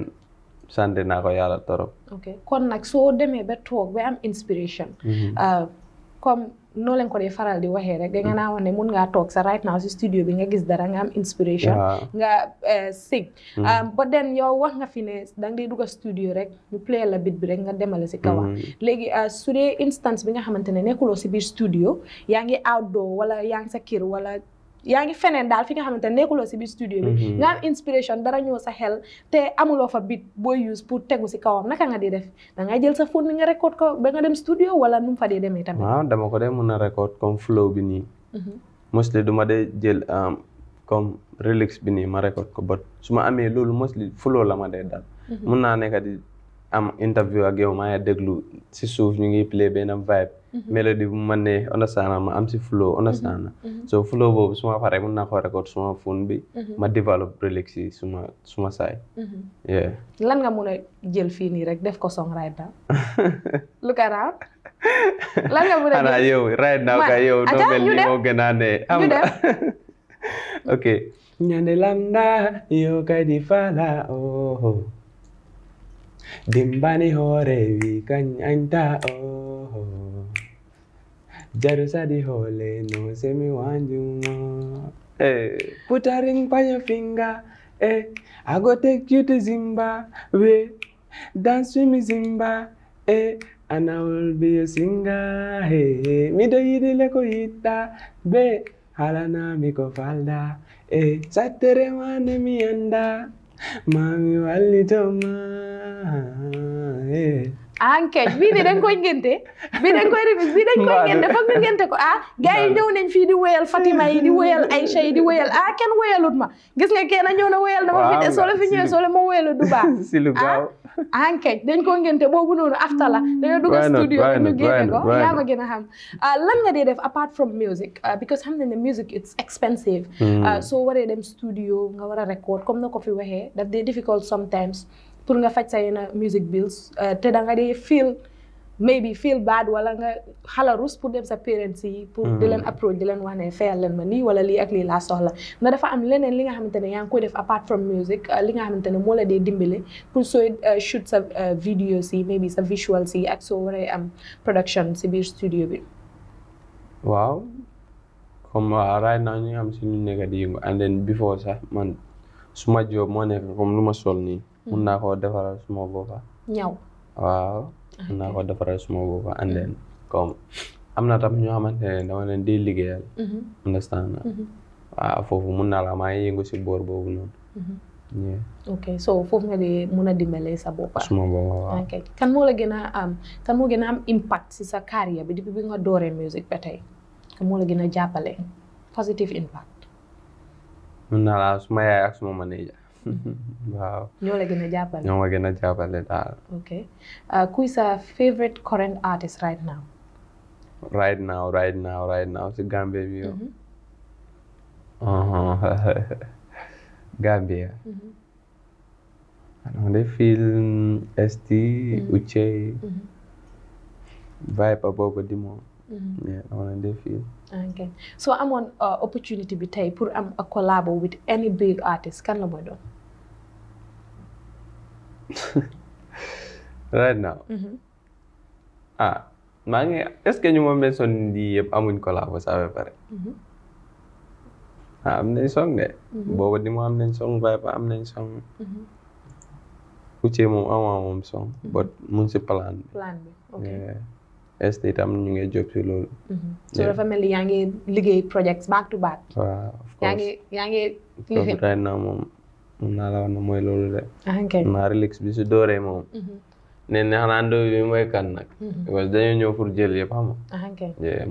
sant naa ko yàlla torop. kon nag soo demee ba toog ba am inspiration. Uh, comme noo leen ko dee faral di waxee rek da nga mm. naa wax ne mun ngaa toog sa right now si studio bi nga gis dara nga am inspiration nga eh, sing mm. um, but den yow wax nga fi ne da nga dee dugg studio rek ñu play la bit bi rek nga demale si kawa mm. léegi uh, su dee instance bi nga xamante ne nekkuloo si biir studio yaa ngi outdoor wala yaa ngi sa kiir wala yaangi fenen dal fi nga xamantene nekulo ci bi studio bi mhm. nga am inspiration dara ñoo sa xel te amulo fa bit boy use pour tegu ci kawam naka nga di def da ngay jël sa phone nga record ko ba nga dem studio wala num fa dee demee tamit waaw dama ko mëna record comme flow bi nii mhm. mostly duma gel jël um, comme relax bi ni ma record ko but suma amé lolu mostly flow la ma dee dal mëna mhm. naa di am interview ak yow ma ya déglu ci souf ñu ngi play benam vibe Mm-hmm. melody bu man ne understand ma am si flow mm-hmm. sana. Mm-hmm. so flow bobu suma pare mën na ko record suma phone bi ma develop relax si suma suma say. yeah lan nga mëna jël fi ni rek def ko song right now look around lan nga mëna ana yow right now ka yow do mel ni mo gëna né am nga ñane lamda yo kay di fala oh dimbani hore wi kan anta oh Jerusali hole nosemi semi wanjuma. Hey. Eh. Put a ring by your finger. Eh. Hey. I go take you to Zimbabwe. Dance with me Zimbabwe. Eh. Hey. And I will be a singer. Hey. Mido yidi leko hita. Be. Halana miko falda. Hey. Satere wane mianda. Mami walitoma. Hey. enquête ah, bii de dañ koy ngénte bii dañ koy remise bii dañ ngénte foog ñu ngénte ko ah gars yi ñëw nañ fii di wéyal Fatima yi di wéyal Aïcha yi di wéyal ah kenn wéyalut ma gis nga kenn ñëw na wéyal na ma fi de soo la fi ñëwee soo la du baax si lu ah, ah, dañ ko ngénte boobu noonu after la dañoo dugg studio ñu génne ko yaa ma gën a xam lan nga dee def apart from music because xam nañ ne music it's expensive hmm. soo waree dem studio nga war a record comme na ko fi waxee daf dee difficult sometimes pour nga faj sa yenn uh, music bills uh, te da nga dee feel maybe feel bad wala nga xala rus pour dem sa parents yi pour di mm-hmm. leen approach di wax ne fayal leen ma nii wala lii ak lii laa soxla na dafa am leneen li nga xamante ne yaa ngi koy def apart from uh, li nga xamante ne moo la dee dimbale pour sooy shoot sa videos yi maybe sa visuals yi ak soo waree am production si biir studio bi waaw comme right now ñu nga am si ñu di yëngu before sax man suma job moo nekk comme lu ma sol nii mun hmm. naa koo defaral suma boppa ñaw waaw mun naa koo defaral suma boppa and then comme am na tam ñoo xamante ne dama leen di liggéeyal understand na mm-hmm. ah, waaw foofu mun naa la maa ngi yëngu si boor boobu noonu mm-hmm. Yeah. ok so foofu nga di mun a dimbale sa boppa suma boppa waaw ok kan moo la gën a am um, kan moo gën a am impact si sa carrière bi depuis bi nga dooree musique ba tey kan moo la gën a jàppale positive impact mun naa la suma yaay ak suma manager ya. Mm-hmm. waaw ñoo la gën a jàppale ñoo ma gën a jàppale daal ok uh, Who is your favorite current artist right now right now right now right now si Gambia bi yo mm-hmm. uh-huh. Gambia mm-hmm. know. They feel ST Uche vibe boobu di moom amoon de feel. ok so I'm amoon uh, opportunity bi tey i am a collab with any big artist Can I do doon right now. Mm-hmm. ah maa ngi est-ce que ñu ma mention di yëpp amuñ collabo saa ba pare. Mm-hmm. Ah, am nañ song de. Mm-hmm. booba di mu am nañ song vibe am nañ song. Uche moom amaa moom song. but mu si plan bi. plan estate am ñu ngi job si loolu. so dafa mel ni yaa ngi liggéey projects back to back. of course yaa ngi yaa ngi. right now moom. mun naa la wax na mooy loolu de. Ah, naa relax bi su dooree moom. Mhm. ne ne xanaa ndaw bi mooy kan nag. parce mhm. que dañoo ñëw pour jël yëpp xam ah,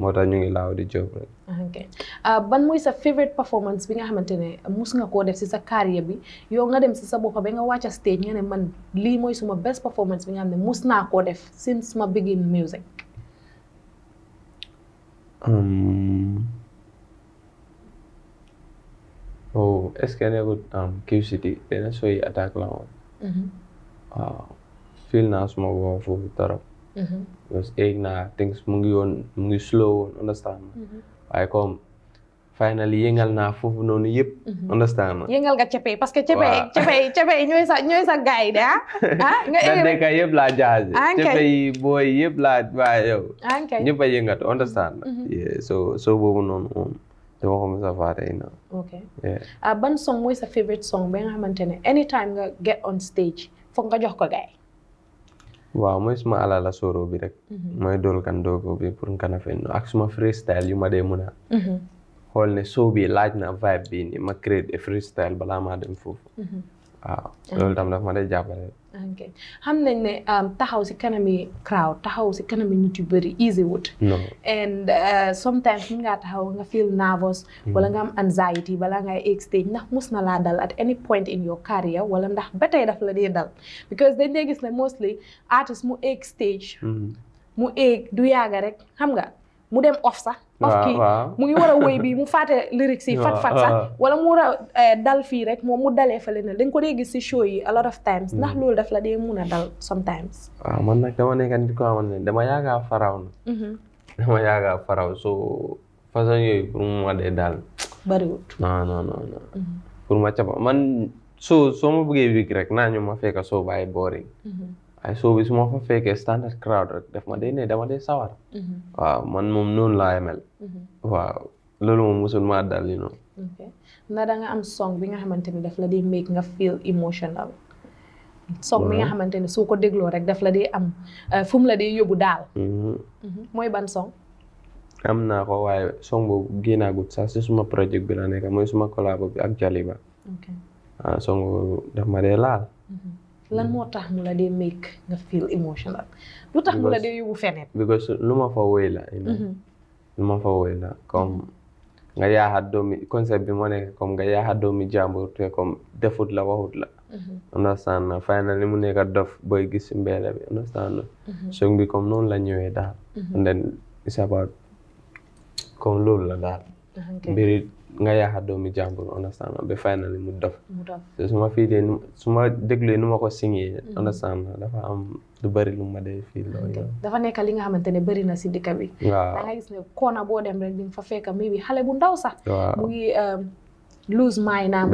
moo tax ñu ngi laaw di job rek. Ah, ban mooy sa favorite performance bi nga xamante ne mus nga koo def si sa carrière bi yow nga dem si sa bopp ba nga wàcc stage nga ne man lii mooy suma best performance bi nga xam mus naa koo def since ma begin music. Um, oh est ce que nekkul QCity dina sooy attaque la woon. waaw naa suma boppam foofu trop. egg naa things mu ngi slow woon understand waaye mm-hmm. comme finally yëngal naa foofu noonu yëpp. Mm-hmm. understand ma. nga cepe parce que cepe cepe ñooy sa ñooy de ah? ah. nga yëngal ka laa jaase. Ah, cepe yi booy yëpp laa waaye ah, yow. ñëpp a yëngatu understand. Mm-hmm. so boobu noonu. dama ko mos a faatee na. ok ah ban song mooy sa favorite song ba nga xamante anytime nga get on stage foog nga jox ko gaay waaw mooy suma alala soro bi rek. Mhm. mooy dool kan doogo bi pour kana fen ak suma freestyle yu ma dee mun mhm. xool ne soo laaj na vibe bi ni ma créé freestyle balaa maa dem foofu. Mhm. waaw ah. loolu tam daf ma dee jàppale. ok xam nañ ne um, taxaw si kanami crowd taxaw si kanami nit yu bëri easy wut. non and uh, sometimes mun taxaw nga feel nervous. Mm. wala nga am anxiety balaa ngay egg stage ndax mus na laa dal at any point in your career wala ndax ba tey daf la dee dal because dañ dee gis ne mostly artist mu egg stage. Mm. mu egg du yaaga rek xam nga mu dem off sax. waaw kii mu ngi war a wéy bi mu faate lyrics yi fat fat sax wala mu war a eh, dal fii rek moom mu dalee fële na dañ ko dee gis si show yi a lot of times ndax hmm. loolu daf la dee mun a dal sometimes waaw man nag dama nekk nit ko xamante ne dama yaaga faraw na mm-hmm. dama yaaga faraw so façon yooyu pour mu ma dee daal bariwut mm-hmm. man so soo ma bëggee wik rek naa ñu ma fekka soo bàyyi boori mm-hmm. ay soobi su ma fa fekkee standard crowd rek daf ma dee ne dama dee sawar mhm. waaw man moom noonu laa mel mhm. waaw loolu moom mosul maa dal li noonu na da nga am song bi nga xamante ni daf la di make nga bi nga xamante ni soo ko dégloo rek daf la di am euh, fu mu la di yóbbu daal mhm. mooy ban song am naa ko waaye song boobu génnaagut sax si suma projet bi la nekk mooy suma collabo bi ak Jaliba ah, song daf ma dee laal lan hmm. moo tax mu la dee make nga feel emotional lu tax mu la dee yóbbu feneen lu ma fa woy la mm-hmm. ma fa la comme mm-hmm. nga yaaxa doomi concept bi moo nekk comme nga yaaxa doomi jàmbur te comme defut la waxut la mm-hmm. understand na ni mu nekk dof booy gis mbeela bi understand na song bi comme noonu la ñëwee daal and then it's about comme loolu la daal ah, nga yaakaar doomu jàmbur understand ma ba finally mu dof te su ma fii dee su ma dégluwee nu ma ko signé mm. understand ma dafa am lu bëri lu ma dee fii loolu dafa nekk li nga xamante ne bëri na si dëkk bi waaw da nga gis ne koona boo dem rek di nga fa fekk mi bi xale bu ndaw sax mu ngi um, lose mind naam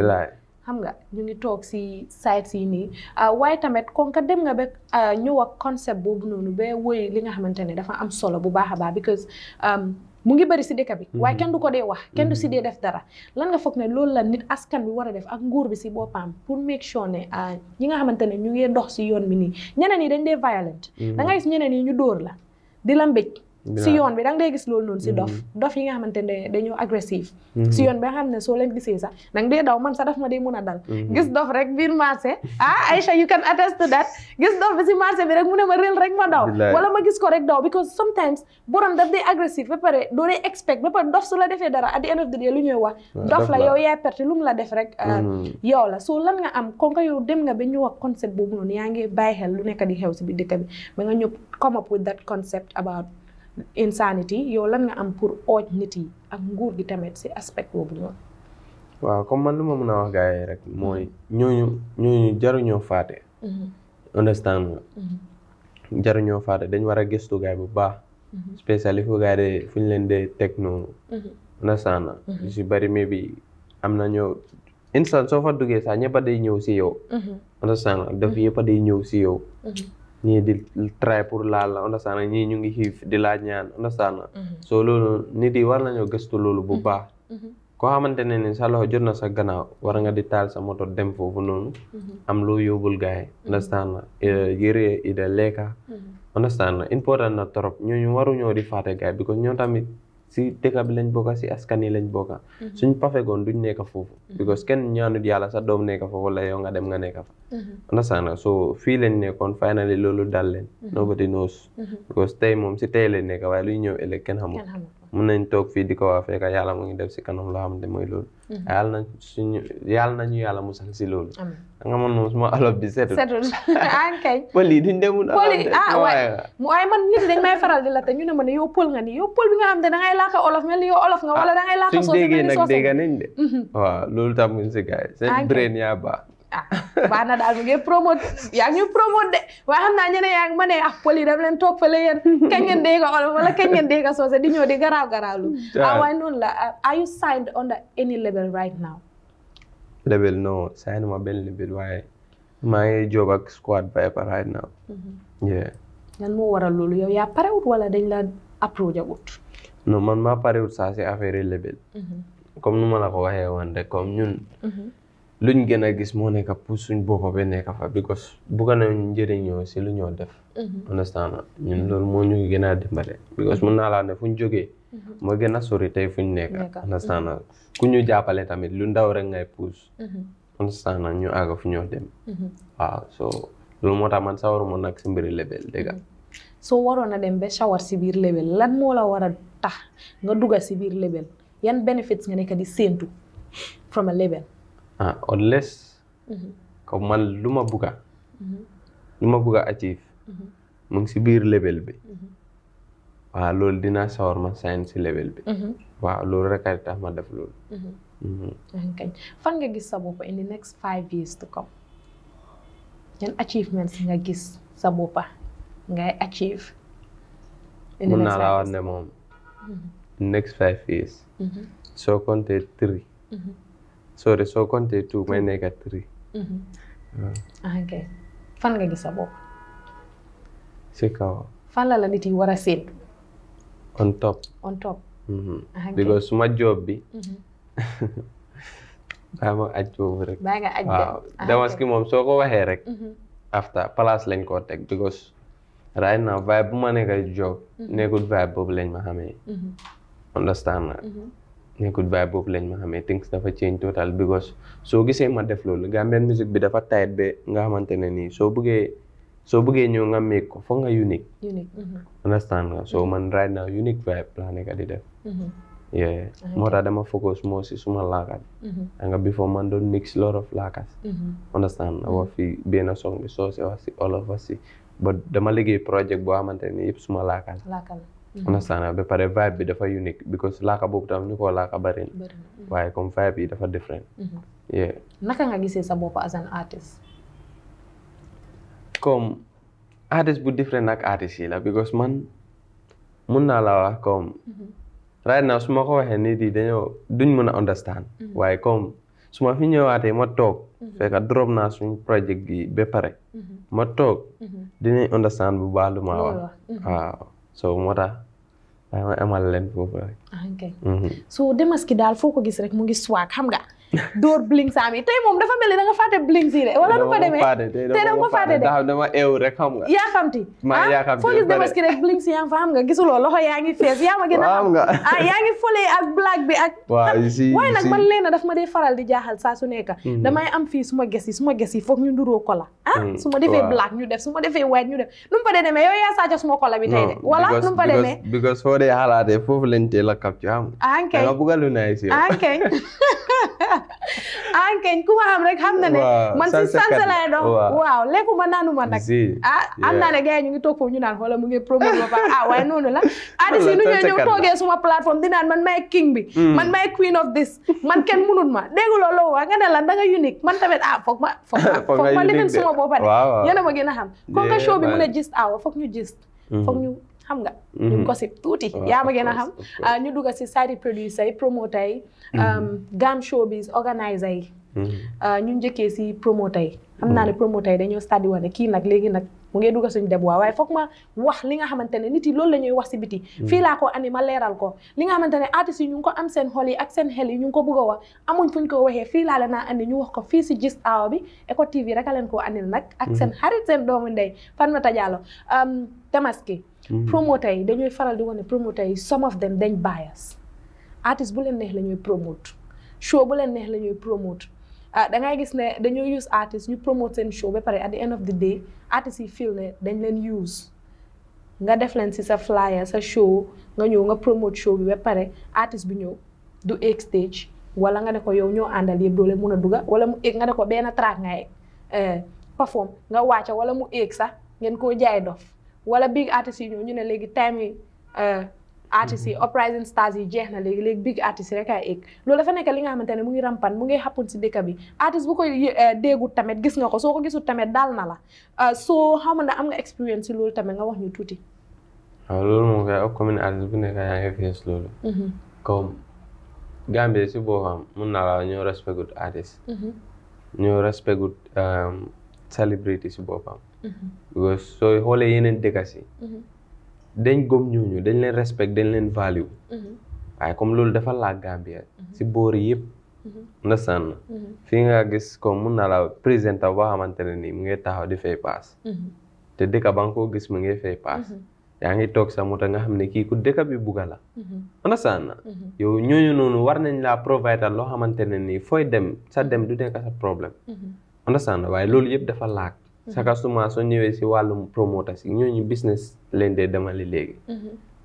xam nga ñu ngi toog si sites yi nii ah, waaye tamit kon ka dem nga ba ah, ñëw ak concept boobu noonu ba woy li nga xamante ne dafa am solo bu baax a baax because um, mu ngi bari si dëkk bi waaye mhm. kenn du ko dee wax kenn du si mhm. dee def dara lan nga foog ne loolu la nit askan bi war a def ak nguur bi si boppam pour make sure ne ah, ñi nga xamante ne ñu ngee ndox si yoon mi nii ñeneen yi dañ dee violent mhm. da nga gis ñeneen yi ñu dóor la di la mbéj si yoon bi da nga dee gis loolu noonu si mm-hmm. dof dof yi nga xamante ne dañoo agressif mm-hmm. si yoon bi nga xam ne soo leen gisee sax da nga dee daw man sax daf ma dee mën a dal mm-hmm. gis dof rek biir marché ah Aïcha you can attest to that gis dof bi si marché bi rek mu ma réel rek ma daw wala ma gis ko rek daw because sometimes borom daf dee agressif ba pare doo dee expect ba pare dof su la defee dara at the end of the day lu ñuy wax ah, dof la yow yaa perte lu mu la def rek ah, yow la soo lan nga am kon yow dem nga ba ñu wax concept boobu noonu yaa ngee bàyyi xel lu nekk di xew si biir dëkk bi ba nga ñëw come up insanity yow lan nga am pour ooj nit yi ak nguur gi tamit si aspect boobu noonu. waaw comme man lu ma mën a wax gars yi rek mooy mhm. ñooñu ñooñu jaruñoo faate. Mhm. understand mhm. jaruñoo faate dañ war a gëstu gars yi bu baax. spécial fu gars yi fu ñu leen dee teg noonu. understand na. lu si bëri mais bi am na ñoo instant soo fa duggee sax ñëpp a day ñëw si yow. understand na daf yëpp a ñëw si yow. ñii di try pour laal la understand na ñii ñu ngi xiif di laaj ñaan understand na mhm. soo loolu nit yi war nañoo gëstu loolu bu mhm. baax mhm. koo xamante ne ni sa jot na sa gannaaw war nga di taal sa moto dem foofu noonu am loo yóbbul gars eh, yi understand na yëre ida lekka understand na important na trop ñooñu waruñoo di faate gars yi because ñoo tamit si dëkk bi lañ bokka si askan yi lañ bokka mhm. suñ pafegoon duñ nekk foofu mhm. because kenn ñaanut yàlla sa doom nekk fa wala yow nga dem nga nekk fa mhm. understand soo fii lañ nekkoon finally loolu dal leen nobody knows because tey moom si tey lañ nekk waaye luy ñëw ëllëg kenn xamul mun nañ toog fii di ko waa fekk yàlla ngi def si kanam loo xam ne mooy loolu. Mhm. yàlla na suñu yàlla nañu si loolu. nga man moom suma olof bi setul. setul ah kay. pël yi duñ demul. pël yi ah waaye man nit dañ may faral di la te ñu ne ma ne yow pël nga ni yow pël bi nga xam ne da ngay laaka olof mel ni yow olof nga ah, wala da ngay laaka. soosu mel ni soosu suñ déggee nag dégg nañ de. Mhm. waaw loolu tam mu ah, yaa baax. ah baax na daal mu ngi promote yaa ngi promote de waaye xam naa ñeneen yaa ngi ma ne ya? ah poli dam leen toppale yéen kañ ngeen dégg olof wala kañ ngeen dégg soose di ñëw di garaaw garaawlu ah waaye noonu la ah, are you signed under any level right now Level no sign ma benn level waaye maa ngi job ak squad viper ya right now mm-hmm. yeah lan moo waral loolu yow yaa parewut wala dañ la approach agut non man maa parewut saa si affaire label comme mm-hmm. nu ma la ko waxee woon rek comme ñun mm-hmm luñ gëna gis mo nekk pour suñ boppa ba nekk fa because bu gëna njëriñoo si lu ñoo def mhm. understand ñun loolu moo ñu gën a dimbale because mun naa laa ne fuñ jógee mhm. moo gën a sori tey fuñ nekk understand ku ñu jàppale tamit lu ndaw rek ngay puus mhm. understand ñu àgg fu ñoo dem waaw so loolu moo tax man sawaruma nag si mbiri level dëgg so waroon na dem ba sawar si biir level lan moo la war a tax nga dugga si biir level yan benefits nga nekk di séentu from a level ah unless mm-hmm. comme man luma buga mm achieve mm-hmm. level bi wa luar dina sawar ma science level bi wa luar rek ay tax ma def lol mm-hmm. mm-hmm. kañ fan nga gis sa in the next five years to come yan achievements nga gis sa bopa ngay achieve in the next 5 years mm-hmm. next five years so compté three so kon sokon te two minus ega Ah hanke fan nga gisa bo sikawa fan la la nit yi wara on top on top mm -hmm. because suma job bi dama ajo boobu rek ba nga aj waaw ah, ah, damaski moom so ko waxee rek mm-hmm. after place lañ koo teg because right now vibe mo ma job mm-hmm. nekkul vibe bob lañ ma xamee mm-hmm. understand na నేను good vibe open మహమే things దఫా change total because సోగి same అంటే ఫ్లోలు గాంబియన్ music బి దఫా టైర్ ni so మంతేనని so సోబుగే new nga mek ko fo nga unique unique mm understand nga so mhm. man right now unique vibe plan ka di def mm yeah okay. mo rada ma focus mo si suma lakat mm nga before man don mix lot of lakas mm understand nga mhm. wa fi bena song bi so wa si all of us but dama liggéey project bo xamanteni yep suma lakas lakal understand mhm. ba pare vibe bi dafa unique because laaka boobu tam ñu koo laaka bari na mhm. waaye comme vibe yi dafa different mhm. yeah nga gisee sa bopp as an artist comme artist bu different ak artist yi la because man mun naa la wax comme right now su ma ko waxee nit yi dañoo duñ mën a understand waaye comme su ma fi ñëwaatee ma toog fekk drop naa suñ project gi ba toog dinañ understand bu baax lu wax so moo tax amal leen foofu rek. soo ah, mm-hmm. so Demaski daal foo ko gis rek mu ngi suwaak xam nga. dóor bling saam yi tey moom dafa mel ni da nga fàtte bling si de wala nu fa demee tey da nga fàtte de dama eew rek xam nga yaa xamti ah foo gis demaski rek bling si yaa fa xam nga gisuloo loxo yaa ngi fees yaa ma gën a xam nga ah yaa ngi folee ak black bi ak waaye nag man leena daf ma dee faral di jaaxal saa su nekk hmm. damay am fii su ma ges yi su ma ges yi foog ñu nduroo kola ah hmm. su ma defee black ñu def su ma defee white ñu def nu mu fa dee demee yow yaa saaco su ma kola bi tey de hmm, wala nu mu fa demee because foo dee xalaatee foofu lañ tee la kap ci xam nga ah, bugga lu naay ah, si ah ngeen ku ma rek xam na ne. man si sanse lay doon waaw lekkuma naanuma nag. ah am naa ne gars yi ñu ngi toog foofu ñu naan xoolal mu ngi problème ba pare ah waaye noonu la. artiste yi nu ñoo ñëw toogee suma plateforme di naan man may king bi. Mm. man may queen of this man kenn munut ma dégg loolu waa nga ne la da nga unique man tamit ah foog ma. foog ma limin suma boppam de yéen a ma gën a xam. kon nga show bi mu ne gist ah, awa foog ñu gist. Mm-hmm. foog ñu. xam nga. Mhm. ñu ko si tuuti. yaa ma gën xam ñu dugg si side produce ay promoter yi. Mhm. Um, gam showbiz organiser yi. Mhm. Uh, ñu njëkkee si promoter yi. xam naa ne promoter yi dañoo stade wane kii nag léegi nag. mu ngi dugg suñu deb waaye fook ma wax li nga xamante ne nit yi loolu la ñuy wax si biti fii laa ko andi ma leeral ko li nga xamante ne artistes yi ñu ngi ko am seen xol yi ak seen xel yi ñu ngi ko bëgg wax amuñ fuñ ko waxee fii laa la andi ñu wax ko fii si gis awa bi Eco TV rek a leen ko andil nag ak seen xarit seen doomu ndey Fatoumata Jallow Demaski Mm. promoter yi dañuy faral di wane promoter yi some of them dañ bias artiste bu leen neex la ñuy promote show bu leen neex la ñuy promote ah da ngay gis ne dañoo use artiste ñu promote seen show ba pare at the end of the day artiste yi feel ne dañ leen use nga def leen ci sa flyer sa show nga ñëw nga promote show bi ba pare artiste bu ñëw du egg stage wala nga ne ko yow ñoo àndal yëpp doole mun a dugga wala mu egg nga ne ko benn track ngay eh, perform nga wàcca wala mu egg sax ngeen koo jaay dof wala big artistes yi ñëw ñu ne léegi time yi euh, artistes yi mhm. uprising stars yi jeex na léegi léegi big artistes yi rek ay egg loolu dafa nekk li nga xamante ne mu ngi rampan mu ngi xappun si dëkk bi artiste bu koy euh, déggut tamit gis nga ko soo ko gisul tamit daal na la euh, soo xam ne am nga expérience si loolu tamit nga wax ñu tuuti. waaw loolu moom kay ak commune artiste bu nekk yaa ngi fees loolu. si mhm. boppam mun naa la ñoo respect good artist. Mhm. ñoo respect si boppam. because sooy xoolee yeneen dëkka si dañ gëm ñooñu dañ leen respect dañ leen value waaye comme loolu dafa laa Gambia si boori yëpp understand na fii nga gis comme mun na la président boo xamante ne nii mu ngi taxaw di fay paas te dëkka ba nga koo gis mu ngi fay paas yaa ngi toog sa moto nga xam ne kii ku dëkk bi bugga la understand na yow ñooñu noonu war nañ laa provide loo xamante ne nii fooy dem sa dem du nekk sa problème understand na waaye loolu yëpp dafa laag sakasuma soo ñëwee si wàllum promoters yi ñooñu business leen dee demali léegi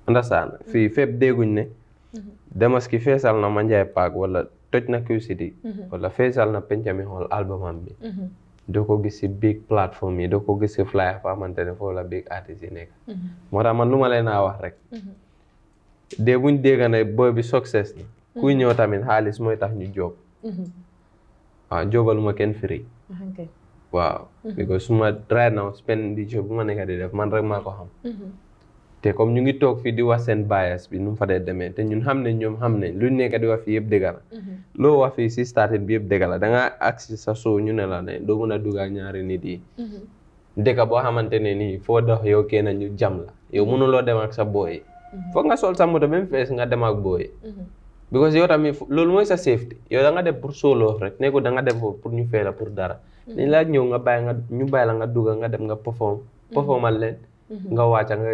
understand mm-hmm. fii mm-hmm. fépp dégguñ ne mm-hmm. damaski feesal na Manjai Park walla toj na Q City wala feesal na Pencami Hall albumam bi doo ko gis ci big plateforme yi doo ko gis si flyer fa xamante ne foofu la big artist yi nekk moo tax man lu ma leen a wax rek dee buñ dégg ne boy bi success na kuy ñëw tamit xaalis mooy tax ñu jóob waaw ah, jóobaluma kenn firi waaw mhm. because suma ma right now expenditure bu ma nekka di def man rek maa ko xam mhm. te comme ñu ngi toog fii di wax seen bias bi nu mu fa dee demee te ñun xam ne ñoom xam ne luñ nekk di wax fii yëpp dëgg la mhm. loo wax fii si starting yëpp dëgg la da ngaa agsi sa soo ñu ne la ne doo mun a dugal ñaari nit yi dëkk boo xamante ne nii foo dox yow kenn ñu jam la yow mënuloo dem ak sa booy foog nga sol sa moto ba mu fees nga dem ak booy because yow tamit loolu mooy sa safety yow da nga dem pour solo rek nekkul da nga dem pour ñu fee la dara dañ mm-hmm. laa ñëw nga bàyyi nga ñu bàyyi la nga dugga nga dem nga perform mm-hmm. performal leen mm-hmm. nga wàcca nga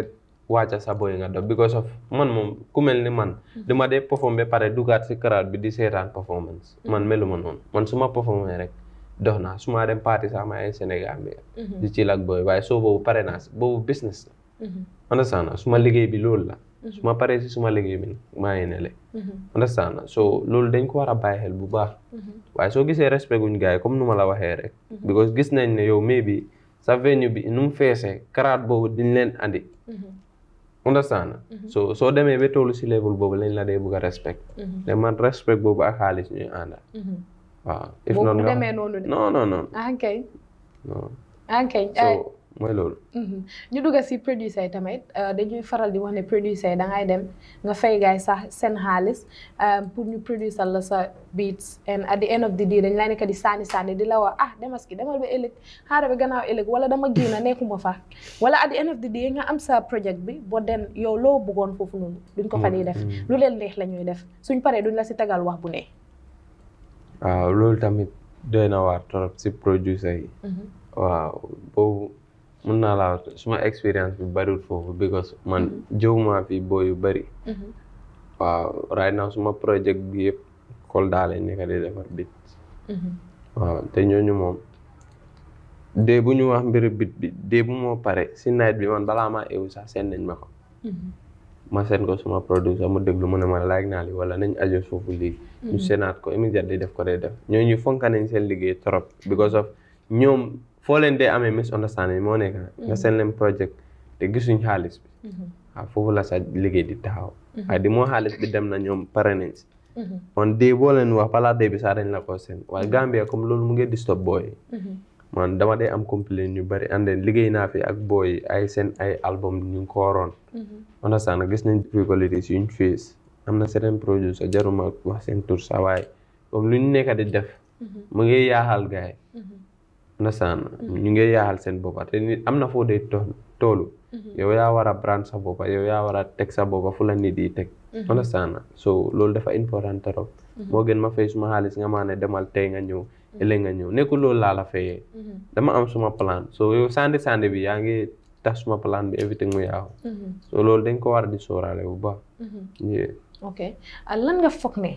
wàcca sa boy nga dox because of man moom ku mel ni man dama dee perform ba pare dugaat si crowd bi di seetaan performance man meluma noonu man suma ma performé rek dox naa su ma dem party sax ma ay Sénégal bi di ci lak boy waaye soo boobu pare naa si boobu business la understand su ma liggéey bi loolu la su mhm. ma paree si suma liggéey bi maa ngi nele mhm. understand so loolu dañ ko war a bàyyi xel bu baax mhm. waaye soo gisee respect guñ gars comme nu ma la waxee rek because gis nañ ne yow mais bi sa venue bi nu mu feesee karaat boobu diñ leen andi understand so soo demee ba tollu si boobu lañ la dee bëgg a respect te man respect boobu ak xaalis ñuy mooy loolu. Mhm. ñu dugg si produit say tamit euh, dañuy faral di wax ne produit say da dem nga fay yi sax seen xaalis euh, pour ñu produire la sa beats and at the end of the day dañ laa nekk di saani saani di la wax ah demaski demal ba ëllëg xaaral ba gannaaw ëllëg wala dama génn nekkuma fa wala at the end of the day nga am sa projet bi boo den yow loo bëggoon foofu noonu. duñ ko fa di def mm-hmm. lu leen neex la ñuy def suñ paree duñ la si tegal wax bu ne. waaw loolu tamit na waar trop si produit say. Mhm. waaw boobu. mën naa laa suma expérience bi bariwul foofu because man mhm. maa fi boo yu bari mhm. waaw right now suma project bi yëpp Kolda ni nekk di defar bit mhm. waaw te ñooñu moom dee bu ñu wax mbir bit bi dee bu moo pare si nawet bi man balaa maa eewu sax seen nañ ma ko ma seen ko suma producer mu déglu mu ne ma like naa li wala nañ ajo foofu lii ñu seenaat ko immédiat di def ko dee def ñooñu fonk nañ seen liggéey trop because of ñoom foo leen dee amee misunderstanding moo nekk nga mm-hmm. seen leen projet te gisuñ xaalis bi waaw mm-hmm. ah, foofu la sa liggéey di taxaw waaye mm-hmm. ah, di moo xaalis bi dem na ñoom pare nañ on dee boo leen wax balaa dee bi saa dañ la ko seen waaye Gambia comme loolu mu ngi disturb booy man dama dee am complain ñu bari and then liggéey naa fi ak booy ay seen ay album ñu ngi ko waroon understand gis nañ difficulties yuñ face am na certain producer jaruma wa seen tur sa waaye lu ñu nekk di def mu ngi yaaxal gaay nasaan mm-hmm. ñu ngi yaaxal seen boppa te nit am na foo dee toolu mm-hmm. yow yaa war a brand sa boppa yow yaa war a teg sa boppa fu la nit yi teg mm-hmm. so loolu dafa important trop moo gën ma fay suma xaalis nga maa ne demal tey nga ñëw ëllëg nga ñëw nekkul loolu laa la fayee am suma plan so yow sandi bi yaa ngi tax suma bi everything mu yaaw so loolu dañ ko war di sóoraale bu baax a ah, lan nga foog ne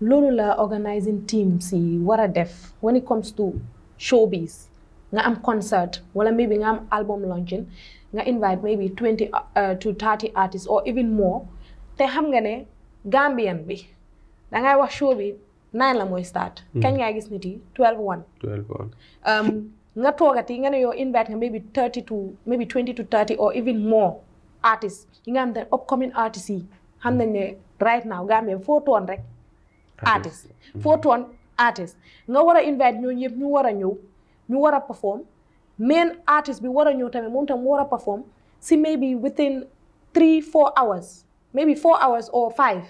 loolu la organizing team si war a def when it comes to showbiz nga am concert wala bi nga am album launching nga invite maybe twenty uh, to thirty artists or even more te xam nga ne Gambian bi dangay wax show bi nine la mooy start. Hmm. kañ ngaa gis ni ti twelve one. twelve one. Um, nga toogati nga ne yow invite nga maybe thirty to maybe twenty to thirty or even more artists nga xam ne upcoming artists yi xam hmm. nañ ne right now Gambia foo toon rek. artist foo toon artist nga war a invite ñooñu yëpp ñu war a ñëw ñu war a perform main artist bi war a ñëw tamit moom tam mu war a perform si maybe within three four hours maybe four hours or five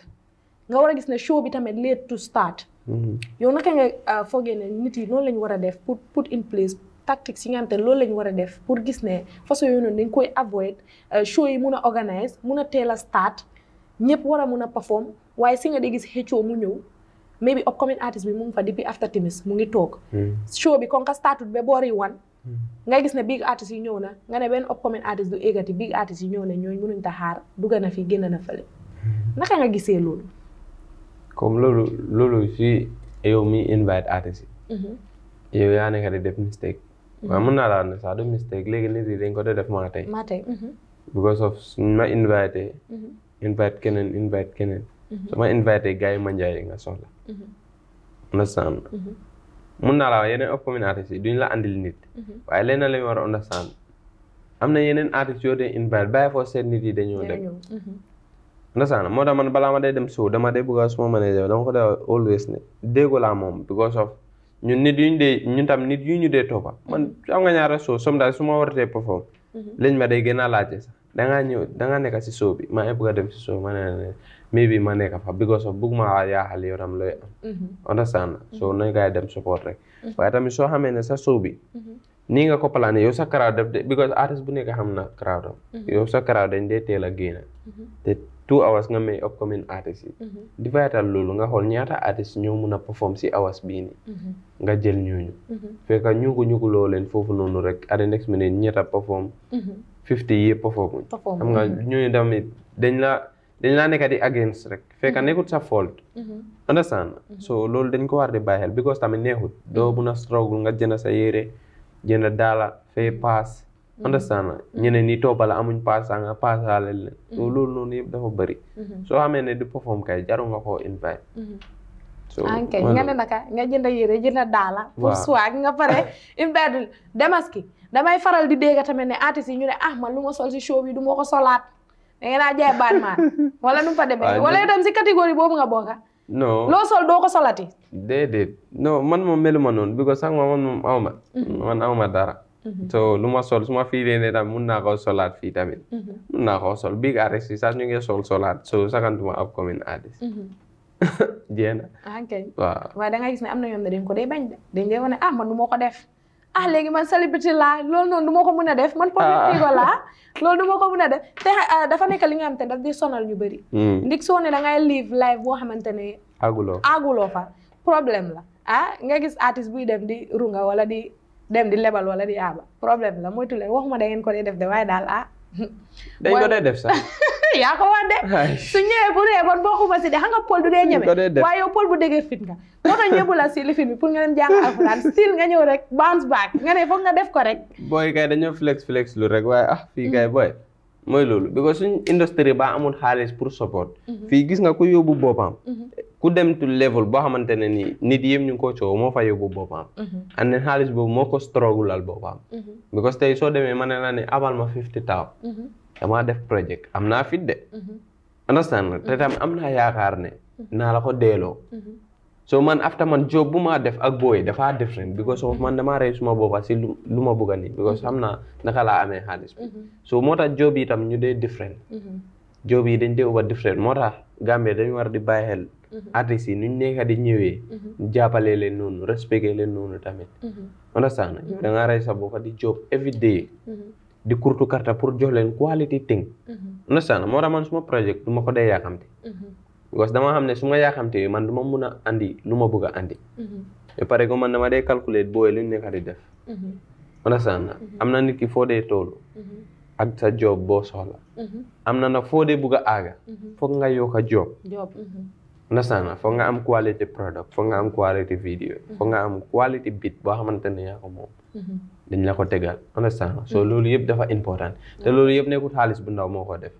nga war a gis ne show bi tamit late to start. Mm-hmm. yow naka nga uh, foogee ne nit yi noonu la ñu war a def pour put in place tactics yi nga xam te loolu la ñu war a def pour gis ne façon yooyu noonu dañ koy avoid uh, show yi mun a organise mun a teel a start ñëpp war a mun a perform waaye si nga di gis xëccoo mu ñëw. maybe upcoming artist bi mu ngi fa depuis after timis mu ngi toog. Hmm. show bi kon ka startut ba boori wan. Hmm. nga gis ne big artist yi ñëw na nga ne benn upcoming artist du eggati big artist yi ñëw na ñooñu mënuñ ta xaar dugg na fi génn na fële. Hmm. naka nga gisee loolu. comme loolu loolu si yow mi invite artist yi. Mhm. yow yaa nekk di def mistake. Mhm. waaw mën naa laa ne sax du mistake léegi nit yi dañ ko doon def maa tey. maa tey. Mhm. because of ma invité. invite keneen invite keneen. Mhm. su ma invité gars yi ma njaay nga soxla. understand. Mhm. Mhm. mun naa la wax yeneen of commune yi duñ la andil nit. waaye leena la ñu war a understand am na yeneen artistes yoo dee invite bàyyi foo seet nit yi dañoo dem. understand moo tax man balaa ma dee dem show dama dee bëgg a suma manager dama ko dee moom because of ñun nit yu ñu dee ñun tam nit yu ñu dee toppa man am su ma war a tee lañ ma gën a laajte sax da ngaa ñëw nekk si show bi maa ngi bëgg si show ma maybe ma nekk fa because of bëgg maa yaaxal yoram looy am mhm. understand so mhm. nañ gaa yi dem support rek mhm. waaye tamit soo xamee ne sa show bi nii nga ko plané yow sa crowd def de bu nekk xam na crowd am yow sa crowd dañ a génn te two hours nga may upcoming artiste yi di fayatal loolu nga xool ñaata artiste ñoo na a perform si hours bii ni nga jël ñooñu fekk ñu ko ñu ko loo leen foofu noonu rek at the next minute ñeeta perform fifty yi perform xam dañ la dañ la nekk against rek fekk nekkut sa fault mm-hmm. understand mm-hmm. so loolu dañ ko war di bàyyi xel because tamit neexut doo mun a struggle nga jënd sa yére jënd daala fee pass mm-hmm. understand na ñeneen ñi toppala amuñ pass nga passale leen so loolu noonu yëpp dafa bëri soo xamee ne perform kay jaru nga koo invite so ankay ah, nga ne naka nga jënd yére jënd daala pour swag nga pare invite demaski damay faral di dégg tamit ne artiste yi ñu ne ah man lu ma sol si show bi du ma ko solaat ngena aja ban baan wala num fa wala itam si catégorie bobu nga boka no lo sol do ko solati déedéet no man melu meluma non because sang mm-hmm. man mom awma man awma dara mm-hmm. so luma sol suma fi fii ne tam mun naa koo solaat tamit mm-hmm. mun sol big arrest sa ñu ngi sol solat, so sakantuma upcoming adis jeena ah, ok waaw wa da nga gis ne amna na da dem ko day bañ de dañ lay wane ah man du moko def ah léegi man celebrity laa loolu noonu du ma ko mën a def man problème ni laa loolu du ma ko mën a def te dafa nekk li nga xamante ne daf di sonal ñu bëri ndik soo ne da ngay live live boo xamante ne aguloo aguloo fa problème la ah nga gis artiste buy dem di runga wala di dem di lebal wala di aba problème la moytu leen waxuma da ngeen ko dee def de waaye daal ah dañ ko dee def sax yaa ko wax de su ñëwee bu dee bon bokkuma si de xam nga Paul du dee ñeme waaye yow Paul bu dëgër fit nga moo tax la si lifin bi pour nga dem jàng alxuraan still nga ñëw rek bounce back nga ne foog nga def ko rek booy kay dañoo flex flex lu rek waaye ah fii kay booy mooy loolu because suñ industrie baa amul xaalis pour support. Mhm. fii gis nga ko yóbbu boppam. Mhm. ku dem tu level boo xamante ne nii nit yëpp ñu ngi ko coow moo fa yóbbu boppam. Mhm. and then xaalis boobu moo ko struggle al boppam. because tey soo demee ma ne la ne abal ma fifty taw. damaa def project am naa fit de. understand te tam am naa yaakaar ne naa la ko deeloo. so man after man job buma def ak boy dafa different because of man dama rey suma boba si luma ma bëgg ni because amna naka la amé xaliss mm -hmm. so moo job yi tam ñu dé different mhm. job yi dañ dé different moo gambé dañ war di baye xel mhm. artiste yi nuñ nekk di ñëwé mhm. jappalé lé non respecté lé non tamit understand da nga sa boba di job every day di kurtu carte pour jox quality thing understand sana tax man suma project duma ko dé yakamti because dama xam ne su ma yaaxamte man du ma mun a andi lu ma bëgg a andi. et mhm. pare que man dama dee calculer booy lu ñu nekk di def. Mhm. understand mhm. am na nit ki foo dee toolu. ak sa job boo soxla. am na nag foo dee bëgg foog nga yokk a job. understand na foog nga am quality product foog nga am quality video. foog nga am quality bit boo xamante ne yaa ko moom. dañ la ko tegal understand na so loolu yëpp dafa important te loolu yëpp nekkul xaalis bu ndaw moo ko def.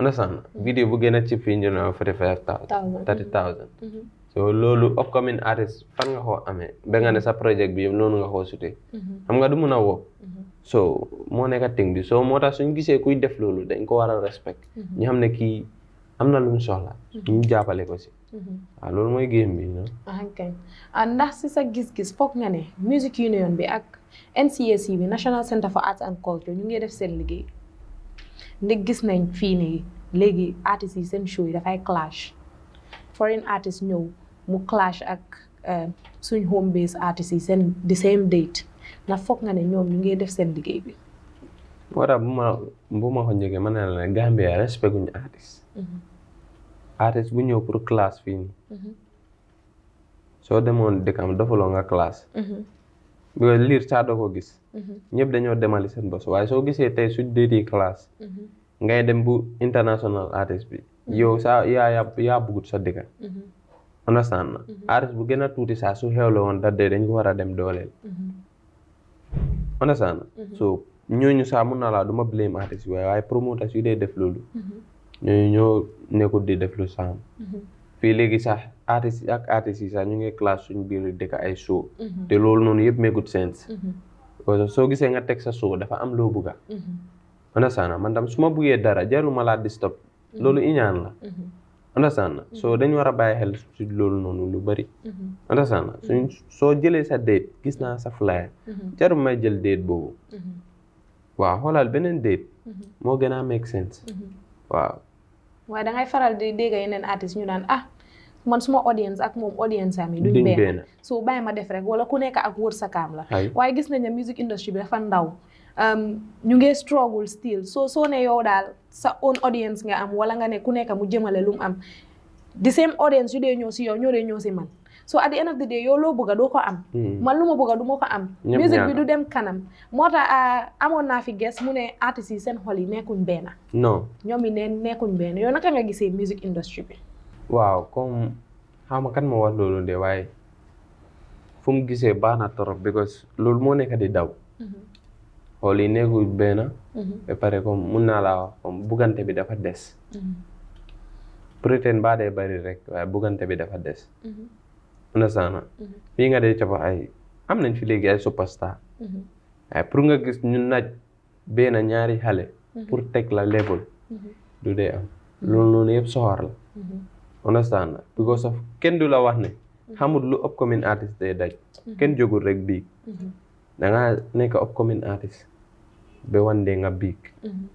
understand mm-hmm. vidéo bu gën a cheap fii ñu ne forty five thousand thirty thousand mm-hmm. Mm-hmm. so loolu upcoming artist fan nga xoo amee ba nga ne sa projet bi yëpp noonu nga xoo sutee xam nga du mun a woo so moo nekk ting bi so moo tax suñ gisee kuy def loolu dañ ko waral a respect ñu xam ne kii am na lu mu soxla ñu jàppale ko si waaw ah, loolu mooy game bi no ah, ok ah, ndax si sa gis-gis foog nga ne Music Union bi ak NCAC bi National Centre for Arts and Culture ñu ngi def seen liggéey ndax gis nañ fii nii léegi artistes yi seen show yi dafay clash foreign artist ñëw mu clash ak eh, suñ home base artistes yi seen the same date na foog nga ne ñoom ñu ngi def seen liggéey bi. moo tax bu ma bu ma ko njëkkee ma ne la ne Gambia respect guñu artiste. Mm-hmm. artiste bu ñëw pour classe fii nii. Mm-hmm. soo demoon dëkkam defaloo nga classe. Mm-hmm. liir saa doo ko gis. Mhm. ñëpp dañoo demali seen bos waaye soo gisee tey su déedéet classe. Mhm. ngay dem bu international artiste bi. Mhm. yow saa yaa yaa bëggut sa dëkk. understand na artiste bu gën a tuuti saa su xewle woon dat day dañ ko war a dem dooleel. understand na so ñooñu saa mun naa laa du ma blame artiste bi waaye promoteurs yu dee def loolu. ñooñu ñoo nekkul di def lu saam. fii léegi sax. artistes yi ak artistes yi sax ñu ngi classe suñ biir dëkk ay show mhm. te loolu noonu yëpp megut sense mhm. parce que soo gisee nga teg sa show dafa am loo bëgga mhm. understand na man tam su ma buggee dara jarul ma laa disturb loolu iñaan la understand na soo dañ war a bàyyi xel si loolu noonu lu bëri understand na suñ soo jëlee sa date gis naa sa flyer jarul may jël date boobu waaw xoolal beneen date moo gën a make sense waaw waaye dangay faral di dégg yeneen artistes ñu naan ah man suma audience ak moom audience am yi duñ na so bàyyi ma def rek wala ku nekk ak wër sa kaam la waaye gis nañ ne music industry bi dafa ndaw um, ñu ngee struggle still so soo ne yow daal sa own audience nga am wala nga ne ku nekk mu jëmalee lu mu am the same audience yu dee ñëw si yow ñoo dee ñëw si man so at the end of the day yow loo bëgg doo ko am hmm. man lu ma bugga du ma ko am musique bi du dem kanam moo tax uh, amoon naa fi guest mu ne artistes yi seen xol yi nekkuñ benn non ñoom yi ne nekkuñ benn yow naka nga gisee music industry bi waaw comme xam nga moo wax loolu de waaye fu mu gisee baax na trop because loolu moo nekk di daw mm-hmm. xool lii nekkul benn mm-hmm. ba pare comme mun naa laa wax comme buggante bi dafa des mm-hmm. pretend baa dee bari rek buggante bi dafa des saana fii nga dee copa ay am nañ fi léegi ay superstar waaye pour nga gis ñu naaj benn ñaari xale pour teg la level du dee am loolu noonu yëpp soxor la understand because of kenn du la wax ne xamul lu upcoming artist day daj mhm. kenn jógul rek biig mhm. da nga nekk upcoming artist ba wan dee nga biig mhm.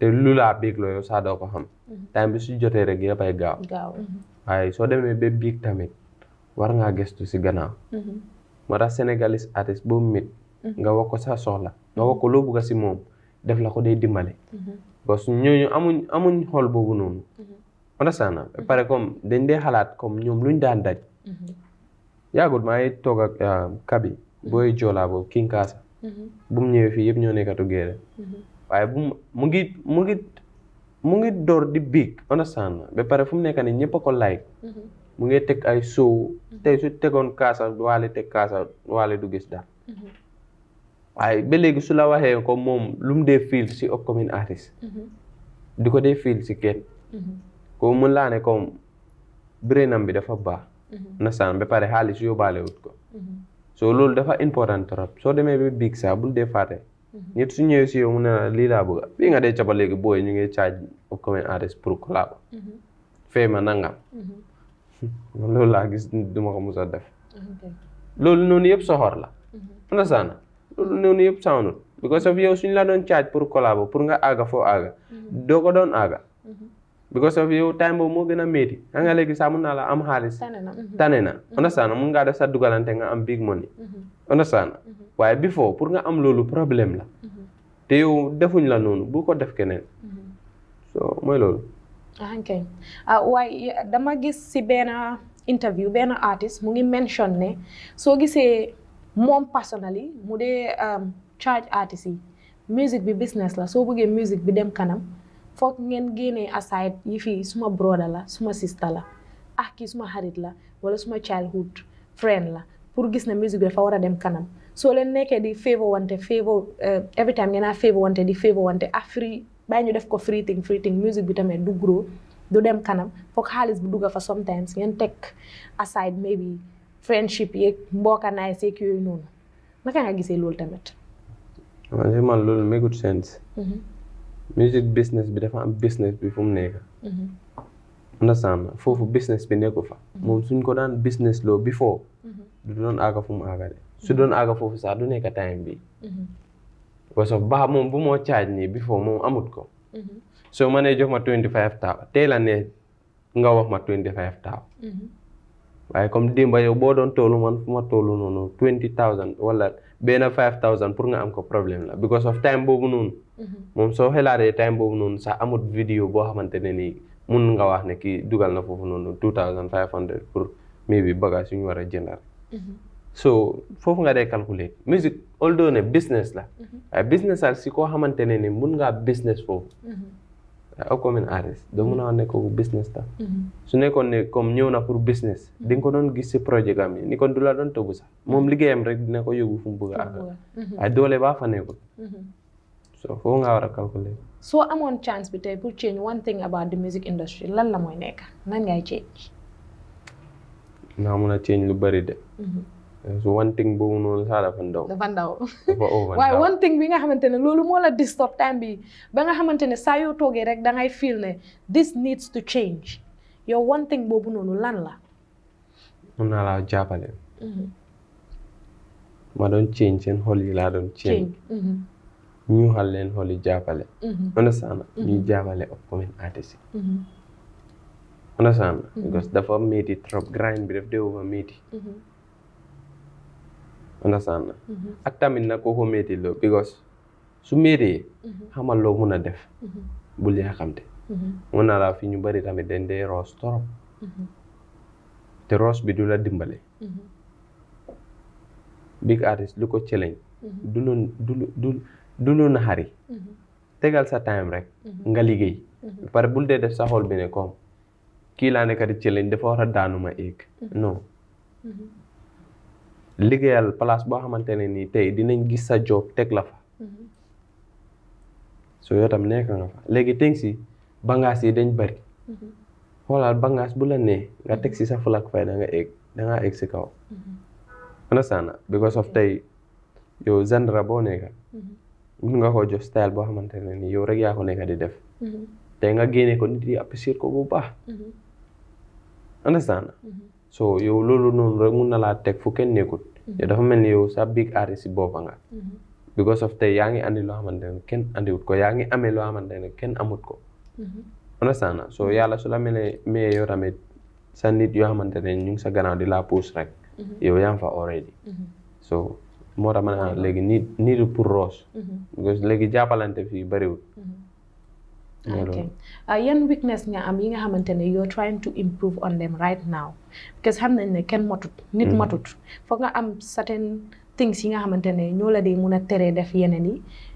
te lu laa biig loo yow saa doo ko xam time bi su jotee rek yëpp ay gaaw waaye soo demee ba biig tamit war ngaa gestu si gannaaw moo tax sénégalais artist boo mit nga wax ko sa soxla nga wax loo bëgg si moom def la ko day dimbale parce que ñooñu amuñ amuñ xool boobu noonu understand na mhm. pare comme dañ dee xalaat comme ñoom lu ñu daan daj mhm. yàggul maa ngi toog ak ah, kabi mhm. booy joolaa boobu kaasa bu mu ñëwee fii yëpp ñoo nekkatu géere waaye bu mu ngi mu ngi mu ngi door di biig understand na ba pare fu mu nekk nii ñëpp ko like mu ngi teg ay sow tey su tegoon kaasa waale teg kaasa waale du gis daal waaye ba léegi su la waxee ko moom lu mu dee feel si upcoming artist di ko dee feel si kenn ko mun laa ne comme brainam bi dafa baax mhm. nasaan ba pare xaalis yóbbaale wut ko mhm. so loolu dafa important trop soo demee bi biig sax bul dee fàtte mhm. nit su ñëwee si yow mu ne la lii laa nga dee caba léegi booy ñu ngi charge upcoming artist pour collab fee ma nangam loolu laa gis duma ko mus def loolu noonu yëpp soxor la understand loolu noonu yëpp sawnul because of yow suñ la doon charge pour collab pour nga aaga foo aaga doo ko doon aaga because of yow time boobu moo gën a métti xam léegi saa mun naa la am xaalis tane na mhm. mhm. understand mun ngaa def sa dugalante nga am big money mhm. understand waaye before pour nga am loolu problème la te yow defuñ la noonu bu ko def keneen loolu ah, ok ah, eh, gis si benn interview benn artist mu ngi mention ne soo gisee moom personally mu dee um, charge artist yi music bi business la soo bëggee music bi dem kanam foog ngeen génnee aside yi fii suma broda la suma sista la ah kii suma xarit la wala suma childhood friend la pour gis na musique bi dafa war a dem kanam soo leen nekkee di favor wante eh, favor ngeen a favor wante di favor wante ah free bàyyi ñu def ko free thing free thing musique bi tamit du grow du dem kanam foog xaalis bu dugga fa sometimes ngeen teg aside maybe friendship yeeg mbooka naay seeg yooyu noonu naka nga loolu tamit. good sense. Mm-hmm. music business bi dafa am business bi fu mu nekk. Mhm. understand na foofu business bi nekku fa. Mhm. moom suñ ko daan business loo before. Mhm. du doon àgga fu mu àgga de su doon àgga foofu sax du nekk time bi. parce que baax moom bu moo charge nii before moom amut ko. soo ma nee jox ma twenty five taaw tey la ne nga wax ma twenty five taaw. waaye comme dimba yow boo doon toolu man fu ma toolu noonu twenty thousand wala benn five thousand pour nga am ko problème la because of time boobu noonu mhm. moom soo xelaatee time boobu noonu sax amut vidéo boo xamante ne nii mun nga wax ne kii dugal na foofu noonu two thousand five hundred pour mais bi bagage yu ñu war a jëndal mhm. so foofu nga dee calculer musique although ne business la mhm. waaye business si koo xamante ne nii mun ngaa business foofu aw ko mën arrêté doo mun a nekk business tam mhm. su nekkoon ne comme ñëw na pour business mhm. di nga ko doon gis si projet gam yi ni kon du la doon tëbu moom mhm. liggéeyam rek dina ko yóbbu fu mu a àgg ay doole baa fa nekkul so foo nga war a calculer soo amoon chance bi tey pour change one thing about the music industry lan la mooy nekk nan ngay change naa mun a change lu bari de so one thing boobu noonu sax dafa ndaw. waaye one thing bi nga xamante ne loolu moo la disturb time bi ba nga xamante ne saa yoo toogee rek da ngay feel ne this needs to change yow one thing boobu noonu lan la. mun naa laa jàppale. Mm-hmm. ma doon change seen xol yi laa doon change. Mm-hmm. ñu xal leen xol jàppale. Mm-hmm. understand ñu jàppale upcoming artist yi. understand because dafa métti trop grind bi def dee over métti. understand na mm-hmm. ak tamit na koo ko métti loo because su méttee mm-hmm. xamal loo mun a def mm-hmm. bul yaa xamte mun naa laa fi ñu bari tamit dañ dee roos torop te roos bi du la dimbale big artist lu ko cëleñ du lu du du lu naxari tegal sa time rek nga liggéey pare bul dee def sa xol bi ne comme kii laa nekk di cëleñ dafa war a daanuma éeg non liggéeyal place boo xamante ne nii tey dinañ gis sa job teg la fa mhm. so yow tam nekk nga fa léegi teg si bagaas yi dañ bari mhm. xoolal bagaas bu la nee nga teg si sa mhm. flag fay da nga egg da nga egg si kaw understand because of tey yow genre boo nekka mun nga koo jox style boo xamante ne nii yow rek yaa ko nekk di def tey nga génne ko nit yi apprécier ko bu baax understand so yow loolu noonu rek mun na laa teg fu kenn nekkut yow mhm. dafa mel ni yow sa big artist si boppa nga mhm. because of tey yaa ngi andi loo xamante ne kenn andiwut ko yaa ngi amee loo xamante ne kenn amut ko mhm. understand na so yàlla su la melee mayee yow tamit sa nit yoo xamante ne ñu ngi sa gannaaw di la pousse rek yow yaa ngi fa already so moo tax ma ne léegi nii nii pour roos because léegi jàppalante fii bariwut ok ah, yan weakness nga am yi nga xamante ne you're trying to improve on them right now because xam nañ ne kenn matut nit mm-hmm. matut foog nga am certain things yi nga xamante ne ñoo la dee mun a teree def yeneen yi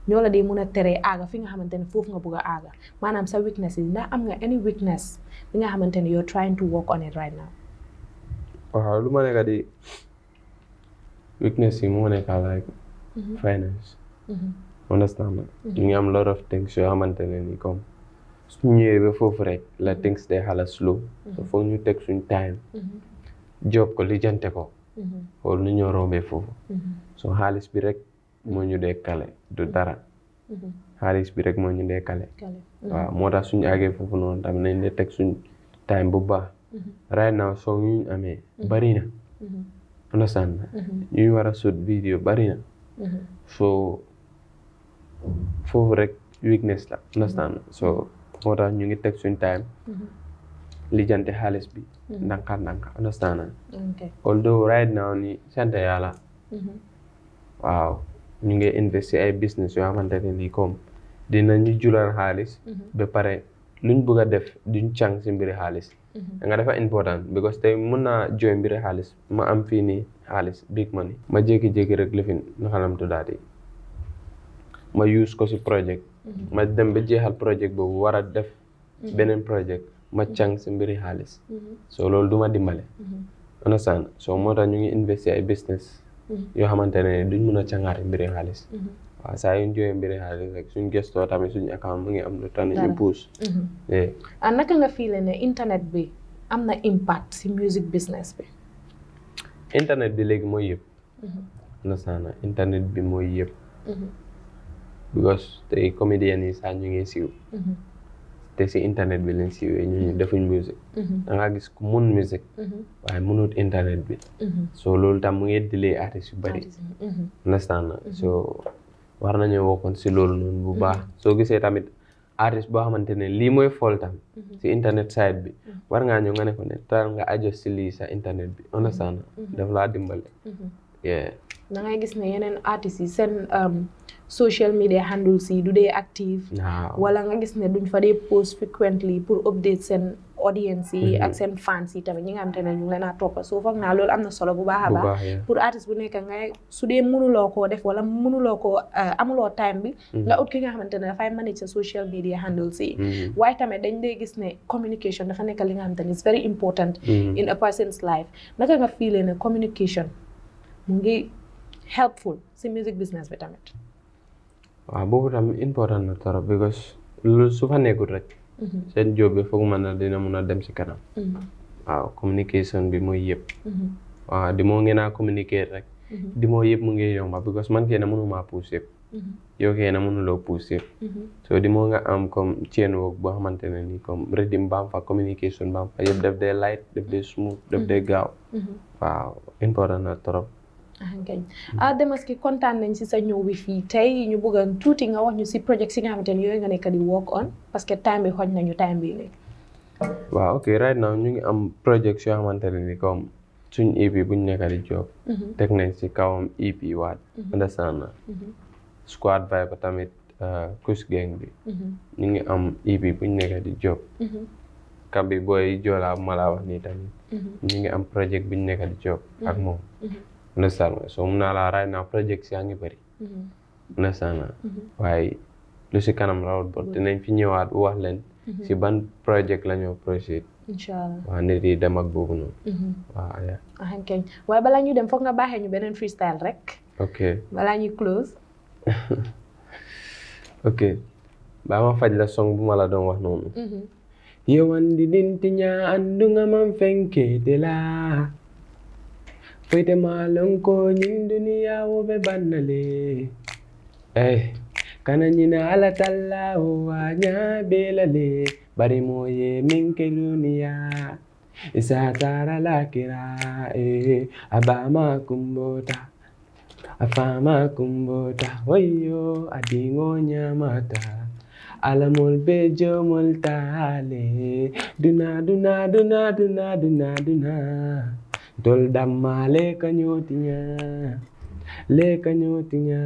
ñoo la dee mun a teree aaga fi nga xamante ne foofu nga bëgg a aaga maanaam sa weakness yi ndax am nga any weakness bi nga xamante ne you're trying to work on it right now waaw lu ma nekka di weakness yi moo nekka like mm-hmm. finance mm-hmm. understand ñu ngi lot of things yoo xamante suñu ñëwee ba foofu rek la things day xala slow so mm-hmm. foog ñu teg suñ time mm-hmm. job ko lijjante ko mm-hmm. xool nu ñoo rombee foofu soo xaalis bi rek moo ñu dee kale du dara xaalis bi rek moo ñu dee kale waaw moo tax suñu àggee foofu noonu tamit nañ dee teg suñ time bu baax right now song amee bari na ñuy war a sut vidéo bari na so foofu rek weakness la understand so moo tax ñu ngi teg suñ time mm-hmm. lijjanti xaalis bi mm-hmm. ndànka ndànka understand na although right now ni sant yàlla mm-hmm. ñu ngi investi ay business yoo xamante ne nii dina ñu julaan xaalis ba pare luñ bëgg a def duñ càng si mbiri xaalis nga dafa important because tey mën naa jooy mbiri xaalis ma am fii nii xaalis big money ma jékki-jékki rek lifin na xanam tuddaat yi ma use ko si projet Mhm. ma dem ba jeexal project boobu war a def mhm. benen project ma mhm. càng si mbiri xaalis so loolu du ma dimbale understand so moo tax ñu ngi investi ay business yoo xamante ne duñ mun a cangaate mbiri xaalis waaw saa yu ñu jógee mbiri xaalis rek suñ gëstoo tamit suñ account mu ngi am lu tane ñu eh. ah naka nga fiile ne internet bi am impact si music business bi internet bi léegi mooy yëpp understand internet bi mooy yëpp because tey comédien yi sax ñu siiw mm-hmm. te si internet bi lañ siiwee ñu ñu defuñ music mm-hmm. da gis ku mun music mm-hmm. waaye munut internet bi soo loolu tam mu ngi delay artistes yu bëri understand na so war nañoo waxoon si loolu noonu bu baax soo gisee tamit artiste boo xamante ne lii mooy fool tam si internet side bi war ngaa ñëw nga ne ko ne taal nga adjust si lii sa internet bi understand na daf laa dimbale ngay gis ne yeneen artistes yi um, social media handles yi du dee active wala nga gis ne duñ fa dee post frequently pour update seen audience yi mhm. ak seen fans yi tamit ñi nga xam te ne ñu ngi leen a toppa soo foog naa loolu am na solo bu baax a baax pour artiste bu nekk nga su dee mënuloo koo def wala mënuloo koo euh, amuloo time mhm. nga ut ki nga xamante ne dafay manage sa social media handles yi mhm. waaye tamit dañ dee gis ne communication dafa nekk li nga xam xamante ne is very important in a person's life naka nga fiilee ne communication mu ngi helpful si music business bi tamit abubuwa am important na trop because lu sufa fa e nekkul mhm. rek seen job bi foog mën na dina muna dem si kanam waaw mhm. communication bi mooy yëpp waaw mhm. di mo ngena a communiquer rek di mo yëpp mu ngi yomba because man kee na mënuma pousse yëpp yow kee na mënuloo so di mo nga am comme chain work boo xamante ne nii comme reading baam fa communication baam fa yëpp daf dee light daf dee smooth daf dee gaaw waaw important na trop ngañ hmm. ah Demaski kontaan nañ si sa ñëw bi fii tey ñu bëgg a tuuti nga wax ñu si projet si nga xamante ne yooyu nga nekk di work on parce que time bi xoj nañu time bi léegi. waaw ok right now ngi am projet yoo xamante ne ni bu ñu nekk di job mm-hmm. teg nañ si kawam EP waat. Mm-hmm. understand na. Mm-hmm. squad vibe tamit uh, Kush Gang bi. ñu ngi am EP buñ ñu di job kambi booy Jola Mala wax nii tamit. ñu ngi am projet bu ñu nekk di job ak moom. understand so umna la la na project yaa ngi bari understand mm-hmm. na mm-hmm. lu si kanam rawat bor dinañ mm-hmm. fi ñëwaat wax len si ban project lanyo ñoo proceed inshallah waa nit yi dem ak boobu ya ahankañ waaye ñu dem foog nga baaxee ñu freestyle rek ok bala ñu close ok ba ma faj la song bu ma la doon wax noonu yewandi dinti ñaa andu nga de la fuyte maalonko ñin duniya woɓe bannale ey eh, kana ñina alatalla o wañaɓelale bari moye minke duniya isatara lakira e abama eh, kumbota afama kumbota woyo adingo ñamata alamol be jomol taale duna duna duna duna duna duna, duna. tol damma leka ñootiña leka ñootiña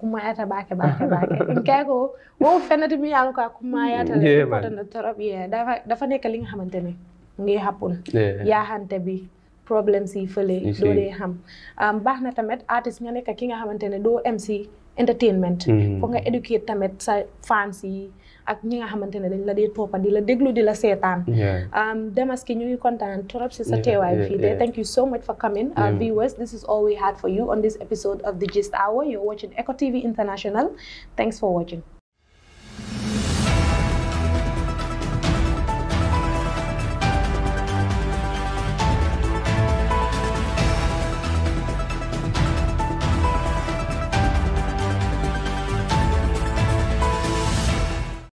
kuma yata bake bake bake in kay ko wow fenati mi yalla ko kuma yata le ko tan dafa dafa nekk li um, nga xamantene ngi happen yaaxante bi problèmes yi fële doo dee xam baax na tamit artiste nga nekk ki nga xamante ne doo MC entertainment mm-hmm. foog nga éduquer tamit sa fans yi ak ñi nga xamante ne dañ la dee toppa di la déglu di la seetaan um, Demaski ñu ngi kontaan trop si sa teewaay fii de thank you so much for coming our uh, viewers this is all we had for you on this episode of the Gist Hour you're watching Eco TV International thanks for watching